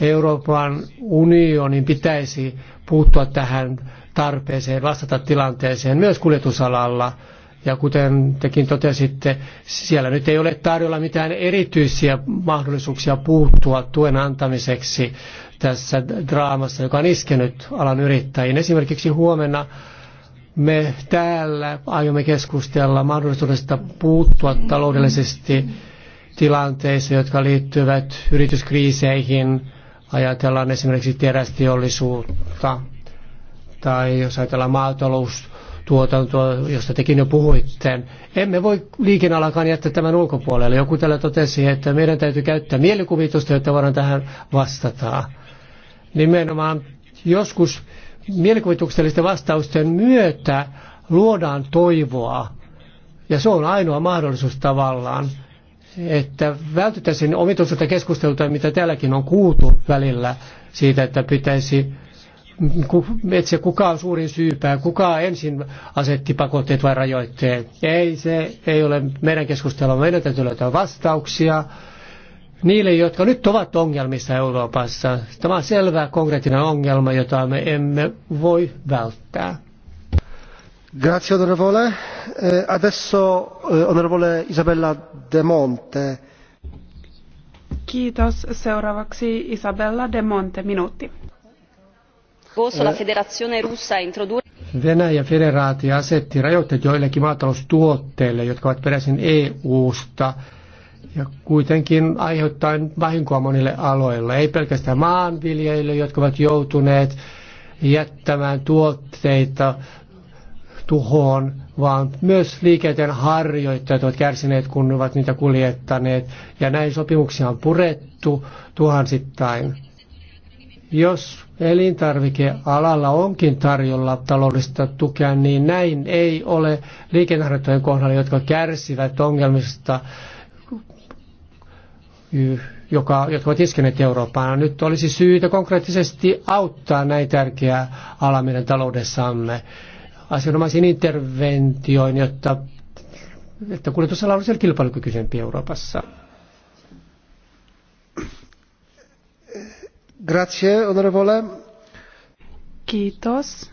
Euroopan unionin pitäisi puuttua tähän tarpeeseen, vastata tilanteeseen myös kuljetusalalla – ja kuten tekin totesitte, siellä nyt ei ole tarjolla mitään erityisiä mahdollisuuksia puuttua tuen antamiseksi tässä draamassa, joka on iskenyt alan yrittäjiin. Esimerkiksi huomenna me täällä aiomme keskustella mahdollisuudesta puuttua taloudellisesti tilanteisiin, jotka liittyvät yrityskriiseihin. Ajatellaan esimerkiksi terästiollisuutta tai jos ajatellaan maatalous tuotantoa, josta tekin jo puhuitte. Emme voi liikenalakaan jättää tämän ulkopuolelle. Joku täällä totesi, että meidän täytyy käyttää mielikuvitusta, jotta voidaan tähän vastata. Nimenomaan joskus mielikuvituksellisten vastausten myötä luodaan toivoa. Ja se on ainoa mahdollisuus tavallaan, että vältyttäisiin omituiselta keskustelulta, mitä täälläkin on kuultu välillä siitä, että pitäisi etsiä kuka on suurin syypää, kuka ensin asetti pakotteet vai rajoitteet. Ei, se ei ole meidän keskustelua. Meidän täytyy löytää vastauksia niille, jotka nyt ovat ongelmissa Euroopassa. Tämä on selvä konkreettinen ongelma, jota me emme voi välttää. Grazie onorevole. Eh, adesso eh, onorevole Isabella De Monte. Kiitos. Seuraavaksi Isabella De Monte, minuutti scorso la eh, federazione russa introdurre... federaatio asetti rajoitteet joillekin maataloustuotteille, jotka ovat peräisin EU-sta ja kuitenkin aiheuttaen vahinkoa monille aloille. Ei pelkästään maanviljelijöille, jotka ovat joutuneet jättämään tuotteita tuhoon, vaan myös liikenteen harjoittajat ovat kärsineet, kun ovat niitä kuljettaneet. Ja näin sopimuksia on purettu tuhansittain jos elintarvikealalla onkin tarjolla taloudellista tukea, niin näin ei ole liikenneharjoittajien kohdalla, jotka kärsivät ongelmista, joka, jotka ovat iskeneet Eurooppaan. No, nyt olisi syytä konkreettisesti auttaa näin tärkeää ala meidän taloudessamme asianomaisiin interventioin, jotta että kuljetusala olisi kilpailukykyisempi Euroopassa. Kiitos.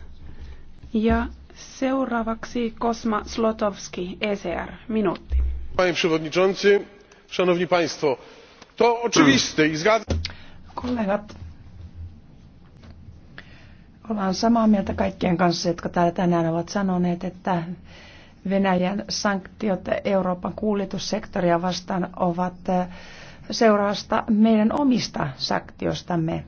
Ja seuraavaksi Kosma Slotowski, ECR, minuutti. Panie przewodniczący, szanowni państwo, to hmm. oczywiste i zgadzam. Kollegat, ollaan samaa mieltä kaikkien kanssa, jotka täällä tänään ovat sanoneet, että Venäjän sanktiot Euroopan kuljetussektoria vastaan ovat eh, seurausta meidän omista saktiostamme.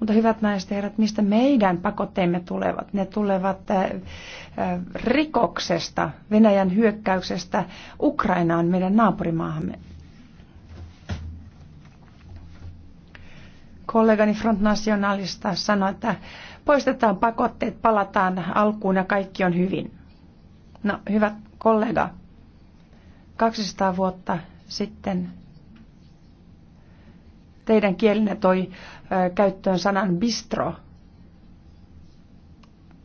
Mutta hyvät naiset ja herrat, mistä meidän pakotteemme tulevat? Ne tulevat äh, äh, rikoksesta, Venäjän hyökkäyksestä Ukrainaan, meidän naapurimaahamme. Kollegani Front Nationalista sanoi, että poistetaan pakotteet, palataan alkuun ja kaikki on hyvin. No, hyvät kollega, 200 vuotta sitten teidän kielinne toi käyttöön sanan bistro.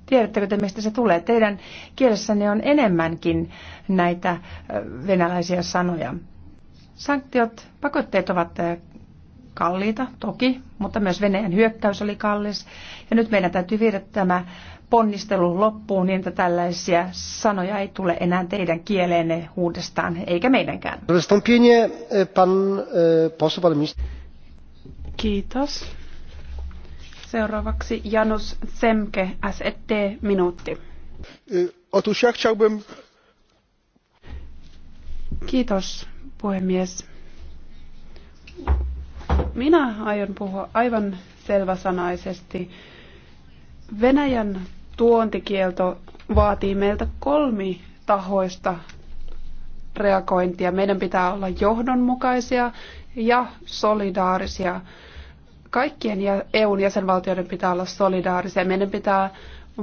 Tiedättekö te, mistä se tulee? Teidän kielessänne on enemmänkin näitä venäläisiä sanoja. Sanktiot, pakotteet ovat kalliita, toki, mutta myös Venäjän hyökkäys oli kallis. Ja nyt meidän täytyy viedä tämä ponnistelu loppuun niin, että tällaisia sanoja ei tule enää teidän kieleenne uudestaan, eikä meidänkään. E, pan, e, pan, pan, Kiitos. Seuraavaksi Janus Semke, SED, minuutti. Otus chciałbym... Kiitos, puhemies. Minä aion puhua aivan selväsanaisesti. Venäjän tuontikielto vaatii meiltä kolmi tahoista reagointia. Meidän pitää olla johdonmukaisia ja solidaarisia kaikkien EUn jäsenvaltioiden pitää olla solidaarisia. Meidän pitää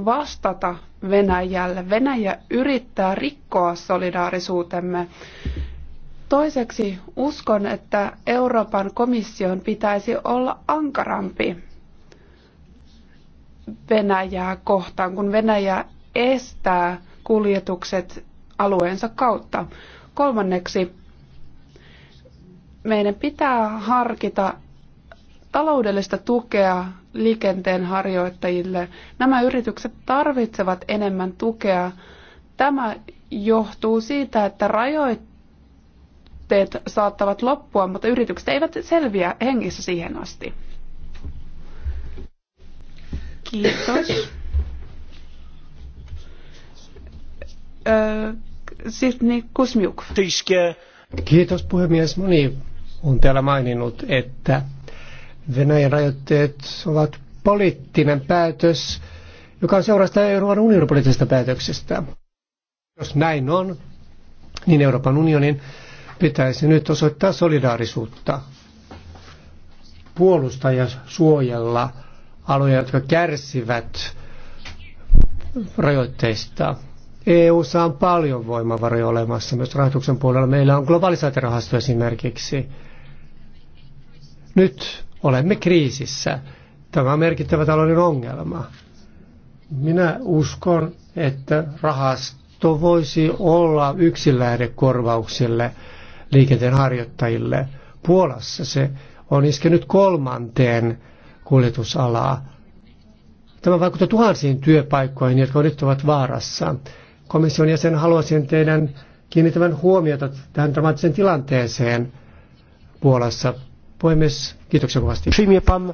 vastata Venäjälle. Venäjä yrittää rikkoa solidaarisuutemme. Toiseksi uskon, että Euroopan komission pitäisi olla ankarampi Venäjää kohtaan, kun Venäjä estää kuljetukset alueensa kautta. Kolmanneksi meidän pitää harkita taloudellista tukea liikenteen harjoittajille. Nämä yritykset tarvitsevat enemmän tukea. Tämä johtuu siitä, että rajoitteet saattavat loppua, mutta yritykset eivät selviä hengissä siihen asti. Kiitos. Sitten Kusmiuk. Kiitos puhemies. Moni on täällä maininnut, että Venäjän rajoitteet ovat poliittinen päätös, joka on seurasta Euroopan unionin poliittisesta päätöksestä. Jos näin on, niin Euroopan unionin pitäisi nyt osoittaa solidaarisuutta, puolustaa ja suojella aloja, jotka kärsivät rajoitteista. EU on paljon voimavaroja olemassa myös rahoituksen puolella. Meillä on globalisaatiorahasto esimerkiksi. Nyt Olemme kriisissä. Tämä on merkittävä talouden ongelma. Minä uskon, että rahasto voisi olla yksi lähde korvauksille liikenteen harjoittajille. Puolassa se on iskenyt kolmanteen kuljetusalaa. Tämä vaikuttaa tuhansiin työpaikkoihin, jotka nyt ovat vaarassa. Komission jäsen haluaisin teidän kiinnittävän huomiota tähän dramaattiseen tilanteeseen Puolassa. Puhemies, kiitoksia kovasti. Przyjmie pan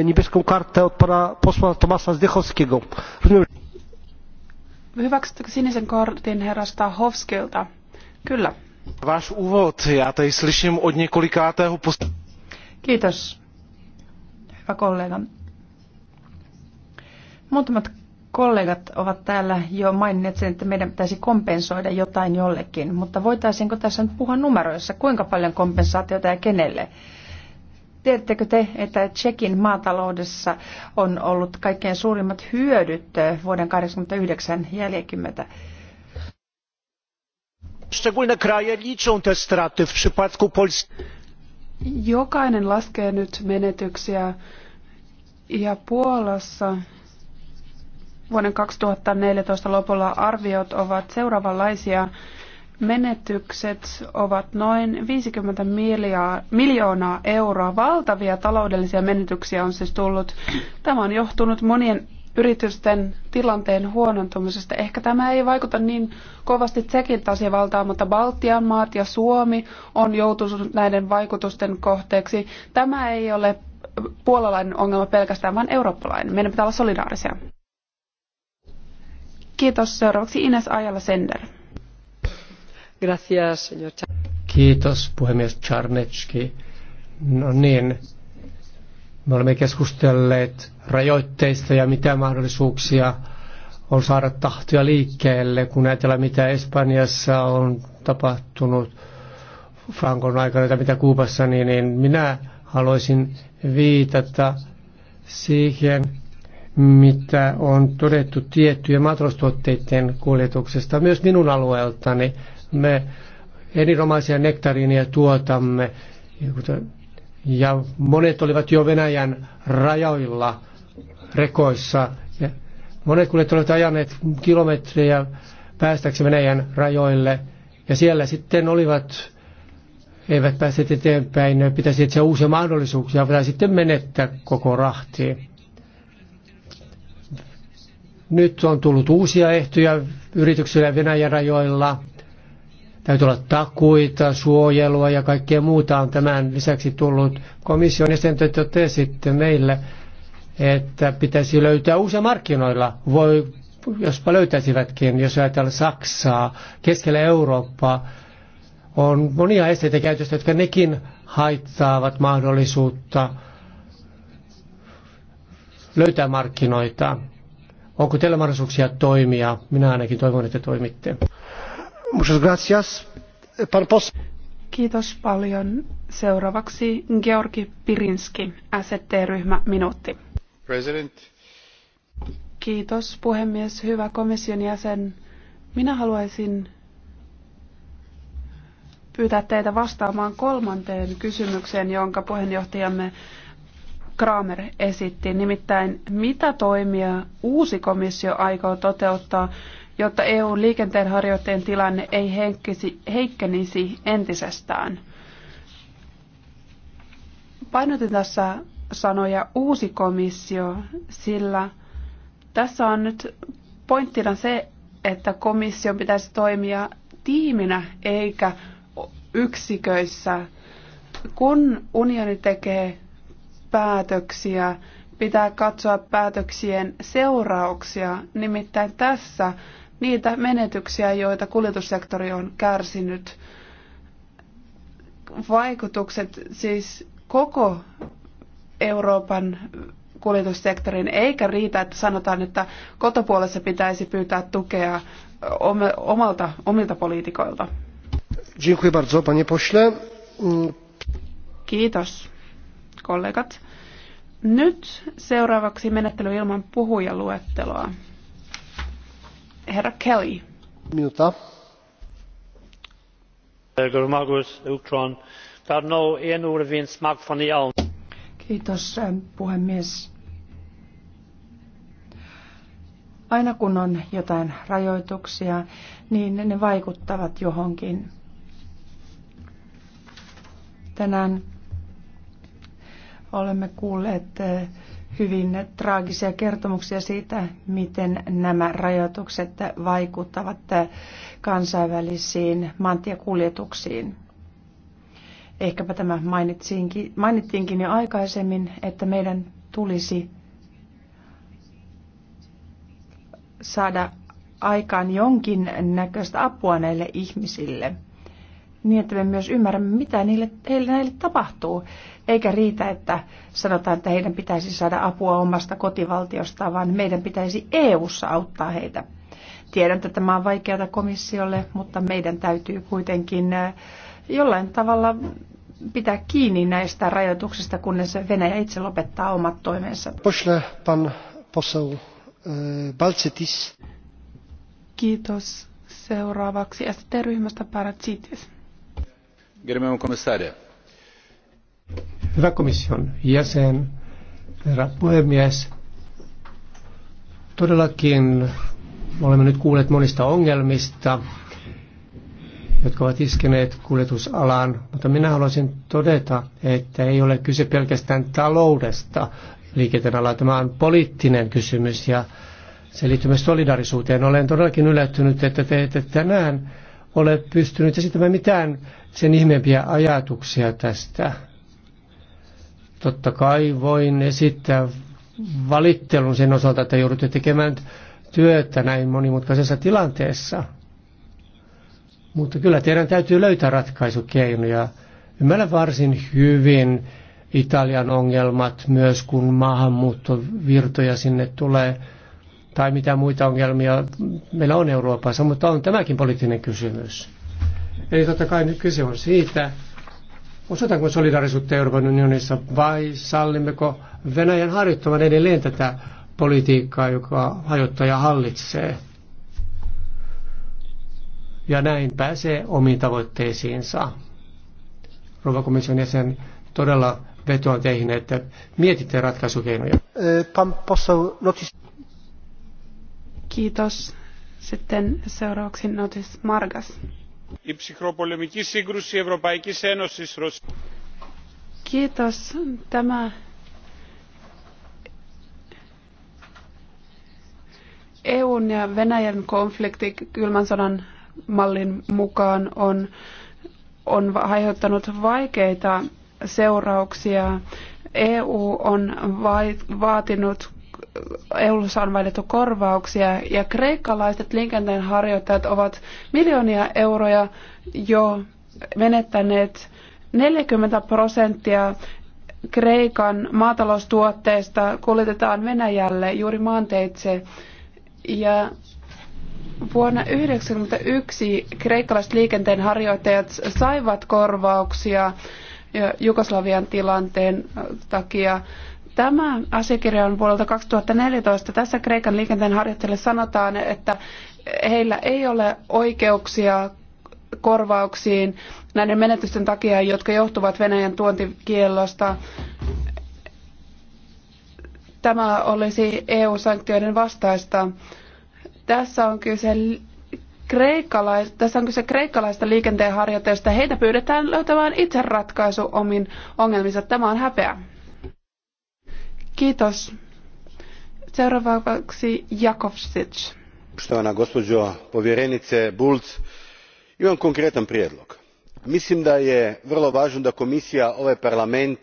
e, niebieską kartę od pana posła Tomasa Zdechowskiego. sinisen kortin herra Stahovskilta? Kyllä. Váš úvod, já tady slyším od několikátého Kiitos, hyvä kollega. Muutamat kollegat ovat täällä jo maininneet sen, että meidän pitäisi kompensoida jotain jollekin, mutta voitaisiinko tässä nyt puhua numeroissa, kuinka paljon kompensaatiota ja kenelle? Tiedättekö te, että Tsekin maataloudessa on ollut kaikkein suurimmat hyödyt vuoden 1989 jäljekymmentä? Szczególne kraje liczą te straty w przypadku Polski. Jokainen laskee nyt menetyksiä ja Puolassa vuoden 2014 lopulla arviot ovat seuraavanlaisia. Menetykset ovat noin 50 miljoonaa euroa. Valtavia taloudellisia menetyksiä on siis tullut. Tämä on johtunut monien yritysten tilanteen huonontumisesta. Ehkä tämä ei vaikuta niin kovasti Tsekin tasivaltaan, mutta Baltian maat ja Suomi on joutunut näiden vaikutusten kohteeksi. Tämä ei ole puolalainen ongelma pelkästään, vaan eurooppalainen. Meidän pitää olla solidaarisia. Kiitos. Seuraavaksi Ines Ajala Sender. Gracias, señor Kiitos, puhemies Charnetski. No niin, me olemme keskustelleet rajoitteista ja mitä mahdollisuuksia on saada tahtoja liikkeelle, kun ajatellaan mitä Espanjassa on tapahtunut Frankon aikana tai mitä Kuubassa, niin, niin minä haluaisin viitata siihen, mitä on todettu tiettyjen matrostuotteiden kuljetuksesta. Myös minun alueeltani me erinomaisia nektariinia tuotamme. Ja monet olivat jo Venäjän rajoilla rekoissa. Ja monet kuljettajat olivat ajaneet kilometrejä päästäkseen Venäjän rajoille. Ja siellä sitten olivat, eivät päässeet eteenpäin, pitäisi etsiä uusia mahdollisuuksia tai sitten menettää koko rahtiin nyt on tullut uusia ehtoja yrityksillä Venäjän rajoilla. Täytyy olla takuita, suojelua ja kaikkea muuta on tämän lisäksi tullut. Komission jäsentä totesitte meille, että pitäisi löytää uusia markkinoilla. Voi, jospa löytäisivätkin, jos ajatellaan Saksaa, keskellä Eurooppaa, on monia esteitä käytöstä, jotka nekin haittaavat mahdollisuutta löytää markkinoita. Onko teillä mahdollisuuksia toimia? Minä ainakin toivon, että toimitte. Muchas gracias. Kiitos paljon. Seuraavaksi Georgi Pirinski, ST-ryhmä Minuutti. President. Kiitos puhemies, hyvä komission jäsen. Minä haluaisin pyytää teitä vastaamaan kolmanteen kysymykseen, jonka puheenjohtajamme Kramer esitti, nimittäin mitä toimia uusi komissio aikoo toteuttaa, jotta EUn liikenteenharjoittajien tilanne ei heikkenisi entisestään. Painotin tässä sanoja uusi komissio, sillä tässä on nyt pointtina se, että komissio pitäisi toimia tiiminä eikä yksiköissä. Kun unioni tekee päätöksiä, pitää katsoa päätöksien seurauksia, nimittäin tässä niitä menetyksiä, joita kuljetussektori on kärsinyt. Vaikutukset siis koko Euroopan kuljetussektorin, eikä riitä, että sanotaan, että kotopuolessa pitäisi pyytää tukea omalta, omilta poliitikoilta. Dziękuję bardzo, panie pośle. Mm. Kiitos, kollegat. Nyt seuraavaksi menettely ilman puhujaluetteloa. Herra Kelly. Minuta. Kiitos eh, puhemies. Aina kun on jotain rajoituksia, niin ne vaikuttavat johonkin. Tänään Olemme kuulleet eh, hyvin traagisia kertomuksia siitä, miten nämä rajoitukset vaikuttavat eh, kansainvälisiin maantiekuljetuksiin. Ehkäpä tämä mainittiinkin jo aikaisemmin, että meidän tulisi saada aikaan jonkin näköistä apua näille ihmisille – niin, että me myös ymmärrämme, mitä niille, heille, näille tapahtuu. Eikä riitä, että sanotaan, että heidän pitäisi saada apua omasta kotivaltiostaan, vaan meidän pitäisi EU-ssa auttaa heitä. Tiedän, että tämä on vaikeata komissiolle, mutta meidän täytyy kuitenkin äh, jollain tavalla pitää kiinni näistä rajoituksista, kunnes Venäjä itse lopettaa omat toimensa. pan e, Kiitos. Seuraavaksi ST-ryhmästä Paratsitis. Gerbiamą komisarė. Hyvä komission jäsen, herra puhemies. Todellakin olemme nyt kuulleet monista ongelmista, jotka ovat iskeneet kuljetusalaan, mutta minä haluaisin todeta, että ei ole kyse pelkästään taloudesta liikenteen alalla. Tämä on poliittinen kysymys ja se liittyy myös solidarisuuteen. Olen todellakin yllättynyt, että te ette tänään ole pystynyt esittämään mitään sen ihmeempiä ajatuksia tästä. Totta kai voin esittää valittelun sen osalta, että joudutte tekemään työtä näin monimutkaisessa tilanteessa. Mutta kyllä teidän täytyy löytää ratkaisukeinoja. Ymmärrän varsin hyvin Italian ongelmat myös, kun maahanmuuttovirtoja sinne tulee – tai mitä muita ongelmia meillä on Euroopassa, mutta on tämäkin poliittinen kysymys. Eli totta kai nyt kyse on siitä, osoitaanko solidarisuutta Euroopan unionissa vai sallimmeko Venäjän harjoittavan edelleen tätä politiikkaa, joka hajottaa ja hallitsee. Ja näin pääsee omiin tavoitteisiinsa. Rouva komission jäsen todella vetoan teihin, että mietitte ratkaisukeinoja. Pan no, siis... Kiitos. Sitten seuraavaksi Notis Margas. Η ψυχροπολεμική σύγκρουση Ευρωπαϊκής Ένωσης Ρωσίας. Kiitos. Tämä EUn ja Venäjän konflikti kylmän sodan mallin mukaan on, on aiheuttanut vaikeita seurauksia. EU on vaatinut EU:ssa on vaadittu korvauksia ja kreikkalaiset liikenteenharjoittajat ovat miljoonia euroja jo menettäneet 40 prosenttia Kreikan maataloustuotteista kuljetetaan Venäjälle juuri maanteitse. Ja vuonna 1991 kreikkalaiset liikenteenharjoittajat saivat korvauksia Jugoslavian tilanteen takia. Tämä asiakirja on vuodelta 2014. Tässä Kreikan liikenteenharjoittajille sanotaan, että heillä ei ole oikeuksia korvauksiin näiden menetysten takia, jotka johtuvat Venäjän tuontikiellosta. Tämä olisi EU-sanktioiden vastaista. Tässä on kyse kreikkalais, tässä on kyse kreikkalaista liikenteenharjoittajista. Heitä pyydetään löytämään itse ratkaisu omiin ongelmiinsa. Tämä on häpeä. Kiitos. Seuraavaksi Jakovsic. Poštovana gospođo povjerenice Bulc, imam konkretan prijedlog. Mislim da je vrlo važno da komisija ovaj parlament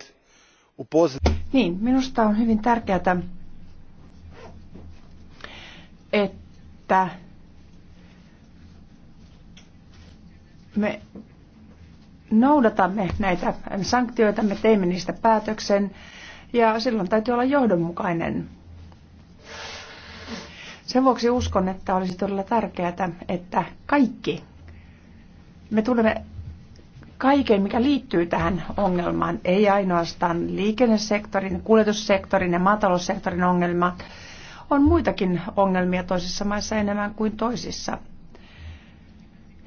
upozna... Niin, minusta on hyvin tärkeää, että me noudatamme näitä sanktioita, me teimme niistä päätöksen ja silloin täytyy olla johdonmukainen. Sen vuoksi uskon, että olisi todella tärkeää, että kaikki, me tulemme kaiken, mikä liittyy tähän ongelmaan, ei ainoastaan liikennesektorin, kuljetussektorin ja maataloussektorin ongelma, on muitakin ongelmia toisissa maissa enemmän kuin toisissa.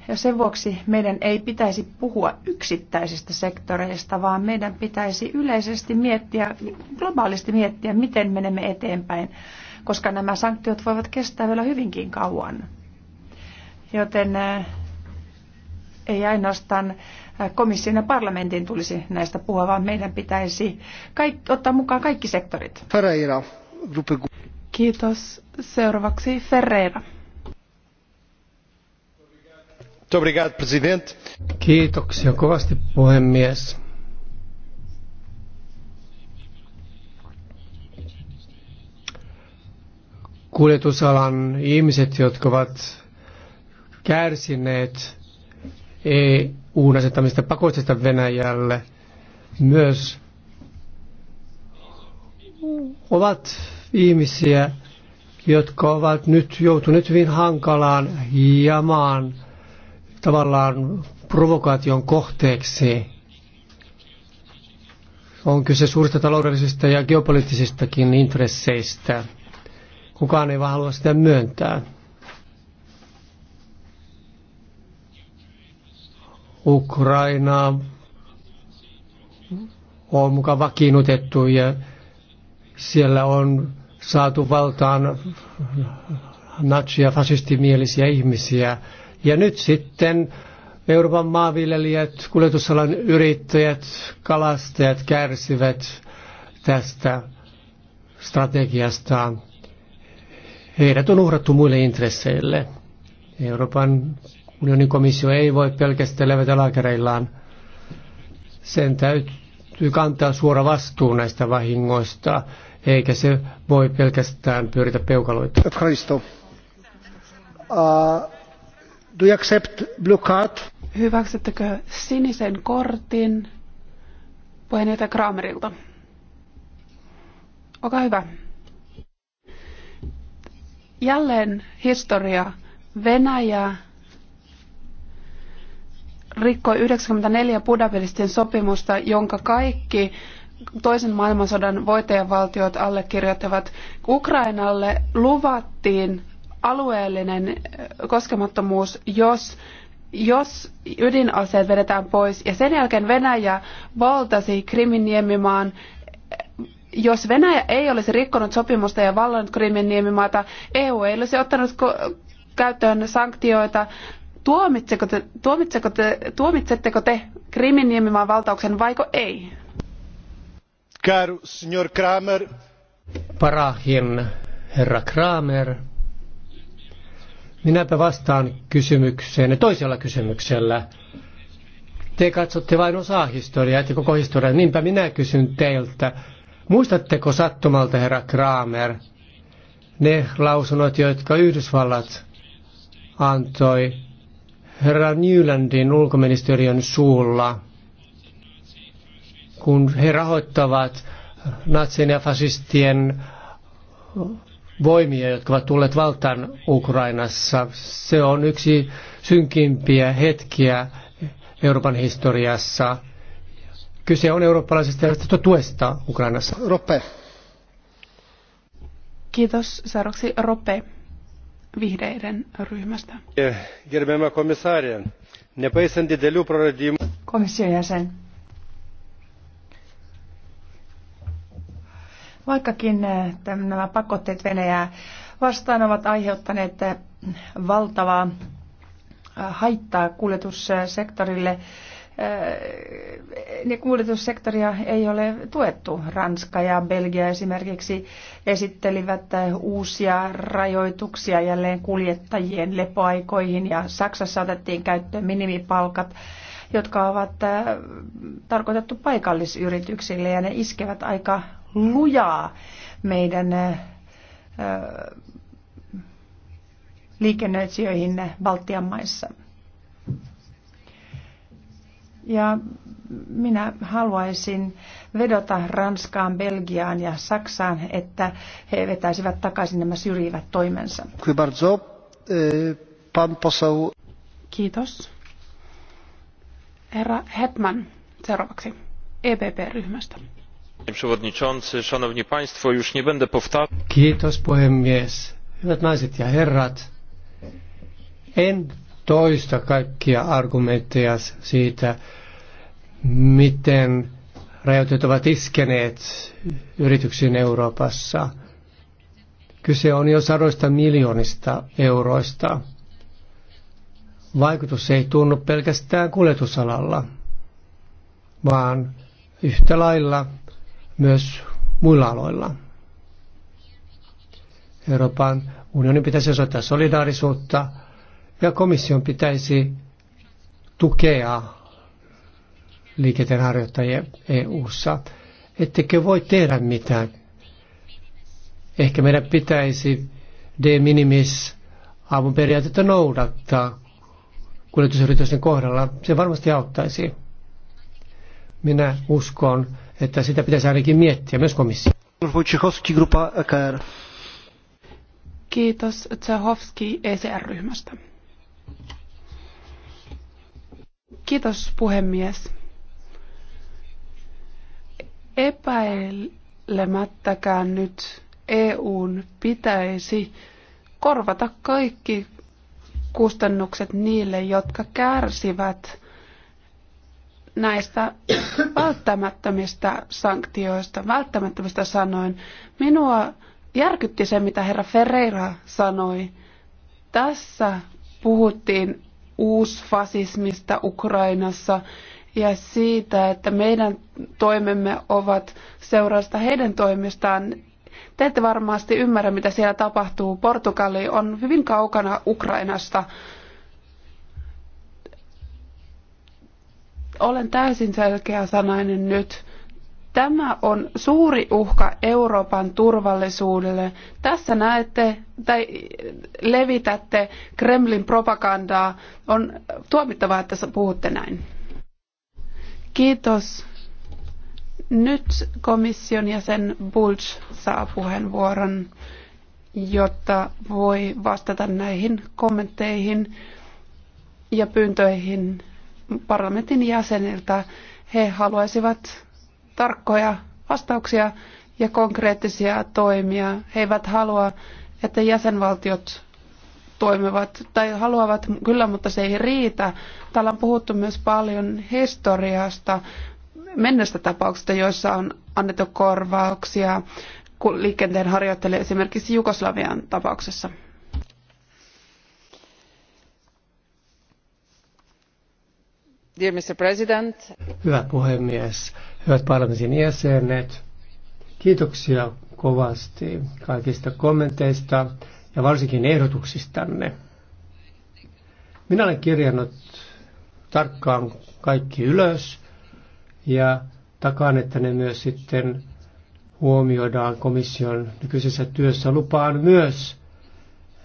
Ja sen vuoksi meidän ei pitäisi puhua yksittäisistä sektoreista, vaan meidän pitäisi yleisesti miettiä, globaalisti miettiä, miten menemme eteenpäin, koska nämä sanktiot voivat kestää vielä hyvinkin kauan. Joten eh, ei ainoastaan eh, komission ja parlamentin tulisi näistä puhua, vaan meidän pitäisi kaikki, ottaa mukaan kaikki sektorit. Ferreira. Kiitos. Seuraavaksi Ferreira Kiitoksia kovasti puhemies. Kuljetusalan ihmiset, jotka ovat kärsineet EUn asettamista pakotteista Venäjälle, myös ovat ihmisiä, jotka ovat nyt joutuneet hyvin hankalaan jamaan tavallaan provokaation kohteeksi. On kyse suurista taloudellisista ja geopoliittisistakin intresseistä. Kukaan ei vaan halua sitä myöntää. Ukraina on mukaan vakiinnutettu ja siellä on saatu valtaan natsia fasistimielisiä ihmisiä. Ja nyt sitten Euroopan maanviljelijät, kuljetusalan yrittäjät, kalastajat kärsivät tästä strategiasta. Heidät on uhrattu muille intresseille. Euroopan unionin komissio ei voi pelkästään levätä laakereillaan. Sen täytyy kantaa suora vastuu näistä vahingoista, eikä se voi pelkästään pyöritä peukaloita. Kristo. Uh... Ah, Do you accept blue card? Hyväksyttekö sinisen kortin puheenjohtaja Kramerilta? Olkaa hyvä. Jälleen historia. Venäjä rikkoi 94 Budapestin sopimusta, jonka kaikki toisen maailmansodan voittajavaltiot allekirjoittavat. Ukrainalle luvattiin alueellinen koskemattomuus, jos, jos ydinaseet vedetään pois ja sen jälkeen Venäjä valtasi Krimin niemimaan jos Venäjä ei olisi rikkonut sopimusta ja vallannut Krimin niemimaata, EU ei olisi ottanut käyttöön sanktioita. Tuomitseko te, tuomitseko te, tuomitsetteko te Krimin niemimaan valtauksen vaiko ei? Caro signor Kramer. Parahin herra Kramer. Minäpä vastaan kysymykseen toisella kysymyksellä. Te katsotte vain osaa historiaa, ette koko historiaa. Niinpä minä kysyn teiltä. Muistatteko sattumalta, herra Kramer, ne lausunnot, jotka Yhdysvallat antoi herra Newlandin ulkoministeriön suulla, kun he rahoittavat natsien ja fasistien voimia, jotka ovat tulleet valtaan Ukrainassa. Se on yksi synkimpiä hetkiä Euroopan historiassa. Kyse on eurooppalaisesta tuesta Ukrainassa. Rope. Kiitos. Seuraavaksi Rope vihreiden ryhmästä. Eh, Komission jäsen Vaikkakin eh, nämä pakotteet Venäjää vastaan ovat aiheuttaneet eh, valtavaa eh, haittaa kuljetussektorille, niin kuljetussektoria ei ole tuettu. Ranska ja Belgia esimerkiksi esittelivät uusia rajoituksia jälleen kuljettajien lepoaikoihin ja Saksassa otettiin käyttöön minimipalkat jotka ovat äh, tarkoitettu paikallisyrityksille ja ne iskevät aika lujaa meidän äh, äh, liikennöitsijöihin Baltian maissa. Ja minä haluaisin vedota Ranskaan, Belgiaan ja Saksaan, että he vetäisivät takaisin nämä syrjivät toimensa. Kiitos. Herra Hetman seuraavaksi EPP-ryhmästä. Przewodniczący, szanowni państwo, już nie będę powtarzał. Kiitos puhemies. Hyvät naiset ja herrat, en toista kaikkia argumentteja siitä, miten rajoitet ovat iskeneet yrityksiin Euroopassa. Kyse on jo sadoista miljoonista euroista vaikutus ei tunnu pelkästään kuljetusalalla, vaan yhtä lailla myös muilla aloilla. Euroopan unionin pitäisi osoittaa solidaarisuutta ja komission pitäisi tukea liikenteen harjoittajia EU-ssa. Ettekö voi tehdä mitään? Ehkä meidän pitäisi de minimis avun periaatetta noudattaa, kuljetusyritysten kohdalla, se varmasti auttaisi. Minä uskon, että sitä pitäisi ainakin miettiä myös komissio. E Kiitos Tsehovski ECR-ryhmästä. Kiitos puhemies. Epäilemättäkään nyt EUn pitäisi korvata kaikki kustannukset niille, jotka kärsivät näistä välttämättömistä sanktioista, välttämättömistä sanoin. Minua järkytti se, mitä herra Ferreira sanoi. Tässä puhuttiin uusfasismista Ukrainassa ja siitä, että meidän toimemme ovat seurausta heidän toimistaan. Te ette varmasti ymmärrä, mitä siellä tapahtuu. Portugali on hyvin kaukana Ukrainasta. Olen täysin selkeä sanainen nyt. Tämä on suuri uhka Euroopan turvallisuudelle. Tässä näette tai levitätte Kremlin propagandaa. On tuomittavaa, että puhutte näin. Kiitos. Nyt komission jäsen Bulge saa puheenvuoron, jotta voi vastata näihin kommentteihin ja pyyntöihin parlamentin jäseniltä. He haluaisivat tarkkoja vastauksia ja konkreettisia toimia. He eivät halua, että jäsenvaltiot toimivat tai haluavat kyllä, mutta se ei riitä. Täällä on puhuttu myös paljon historiasta menneistä tapauksista, joissa on annettu korvauksia liikenteen harjoittajille esimerkiksi Jugoslavian tapauksessa? Dear Mr. President. Hyvä puhemies, hyvät parlamentin jäsenet, kiitoksia kovasti kaikista kommenteista ja varsinkin ehdotuksistanne. Minä olen kirjannut tarkkaan kaikki ylös ja takaan, että ne myös sitten huomioidaan komission nykyisessä työssä. Lupaan myös,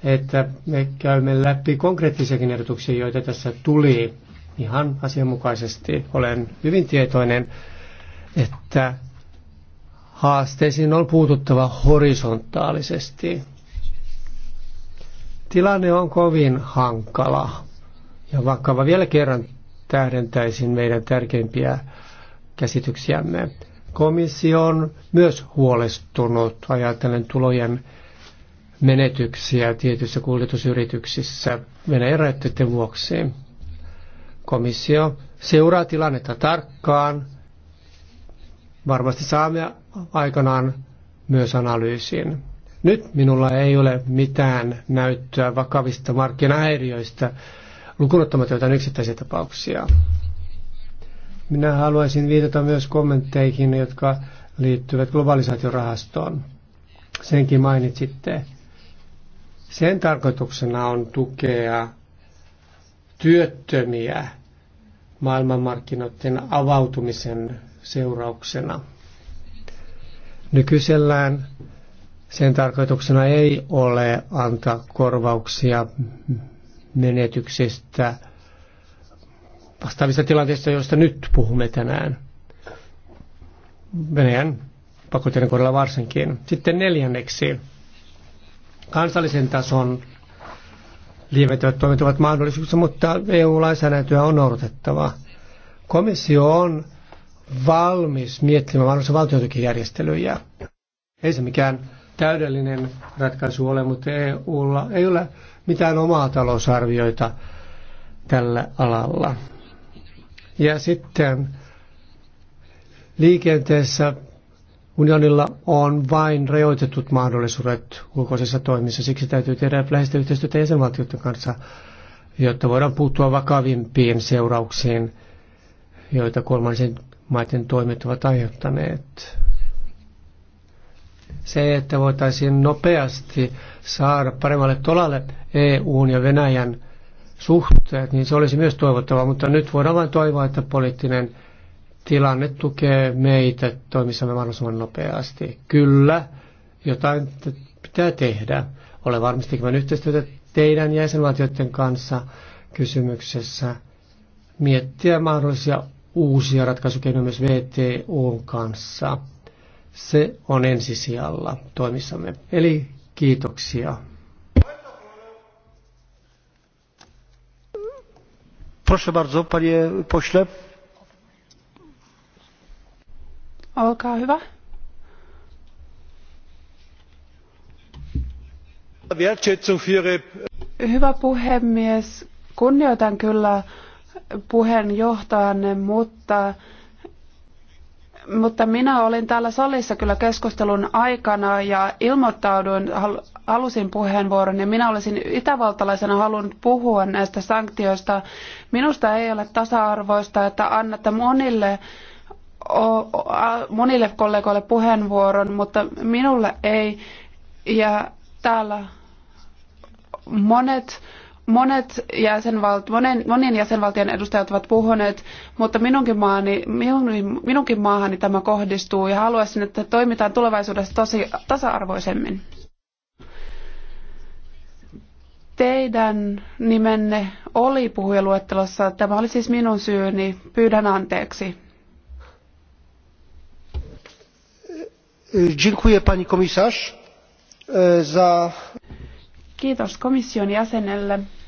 että me käymme läpi konkreettisiakin ehdotuksia, joita tässä tuli ihan asianmukaisesti. Olen hyvin tietoinen, että haasteisiin on puututtava horisontaalisesti. Tilanne on kovin hankala ja vakava. Vielä kerran tähdentäisin meidän tärkeimpiä käsityksiämme. Komissio on myös huolestunut ajatellen tulojen menetyksiä tietyissä kuljetusyrityksissä Venäjän rajoitteiden vuoksi. Komissio seuraa tilannetta tarkkaan. Varmasti saamme aikanaan myös analyysin. Nyt minulla ei ole mitään näyttöä vakavista markkinahäiriöistä lukunottamatta jotain yksittäisiä tapauksia. Minä haluaisin viitata myös kommentteihin, jotka liittyvät globalisaatiorahastoon. Senkin mainitsitte. Sen tarkoituksena on tukea työttömiä maailmanmarkkinoiden avautumisen seurauksena. Nykyisellään sen tarkoituksena ei ole antaa korvauksia menetyksestä vastaavista tilanteista, joista nyt puhumme tänään. Venäjän pakotteiden kohdalla varsinkin. Sitten neljänneksi kansallisen tason lieventävät toimet ovat mahdollisuuksia, mutta EU-lainsäädäntöä on noudatettava. Komissio on valmis miettimään mahdollisia valtiotukijärjestelyjä. Ei se mikään täydellinen ratkaisu ole, mutta EUlla ei ole mitään omaa talousarvioita tällä alalla. Ja sitten liikenteessä unionilla on vain rajoitetut mahdollisuudet ulkoisessa toimissa. Siksi täytyy tehdä läheistä yhteistyötä jäsenvaltioiden kanssa, jotta voidaan puuttua vakavimpiin seurauksiin, joita kolmansien maiden toimet ovat aiheuttaneet. Se, että voitaisiin nopeasti saada paremmalle tolalle EUn ja Venäjän suhteet, niin se olisi myös toivottavaa, mutta nyt voidaan vain toivoa, että poliittinen tilanne tukee meitä toimissamme mahdollisimman nopeasti. Kyllä, jotain pitää tehdä. Olen varmasti tekemään yhteistyötä teidän jäsenvaltioiden kanssa kysymyksessä miettiä mahdollisia uusia ratkaisukeinoja myös VTOn kanssa. Se on ensisijalla toimissamme. Eli kiitoksia. Proszę bardzo, panie pośle. hyvä. Hyvä puhemies, kunnioitan kyllä puheenjohtajanne, mutta mutta minä olin täällä salissa kyllä keskustelun aikana ja ilmoittauduin, halusin puheenvuoron ja minä olisin itävaltalaisena halunnut puhua näistä sanktioista. Minusta ei ole tasa-arvoista, että annatte monille, monille kollegoille puheenvuoron, mutta minulle ei. Ja täällä monet Monet jäsenvalt, monen, monien jäsenvaltion edustajat ovat puhuneet, mutta minunkin, maani, minun, minunkin maahani tämä kohdistuu ja haluaisin, että toimitaan tulevaisuudessa tosi tasa-arvoisemmin. Teidän nimenne oli puhujaluettelossa. Tämä oli siis minun syyni. Pyydän anteeksi. Dziękuję pani komisarz e, za... Kiitos komission jäsenelle.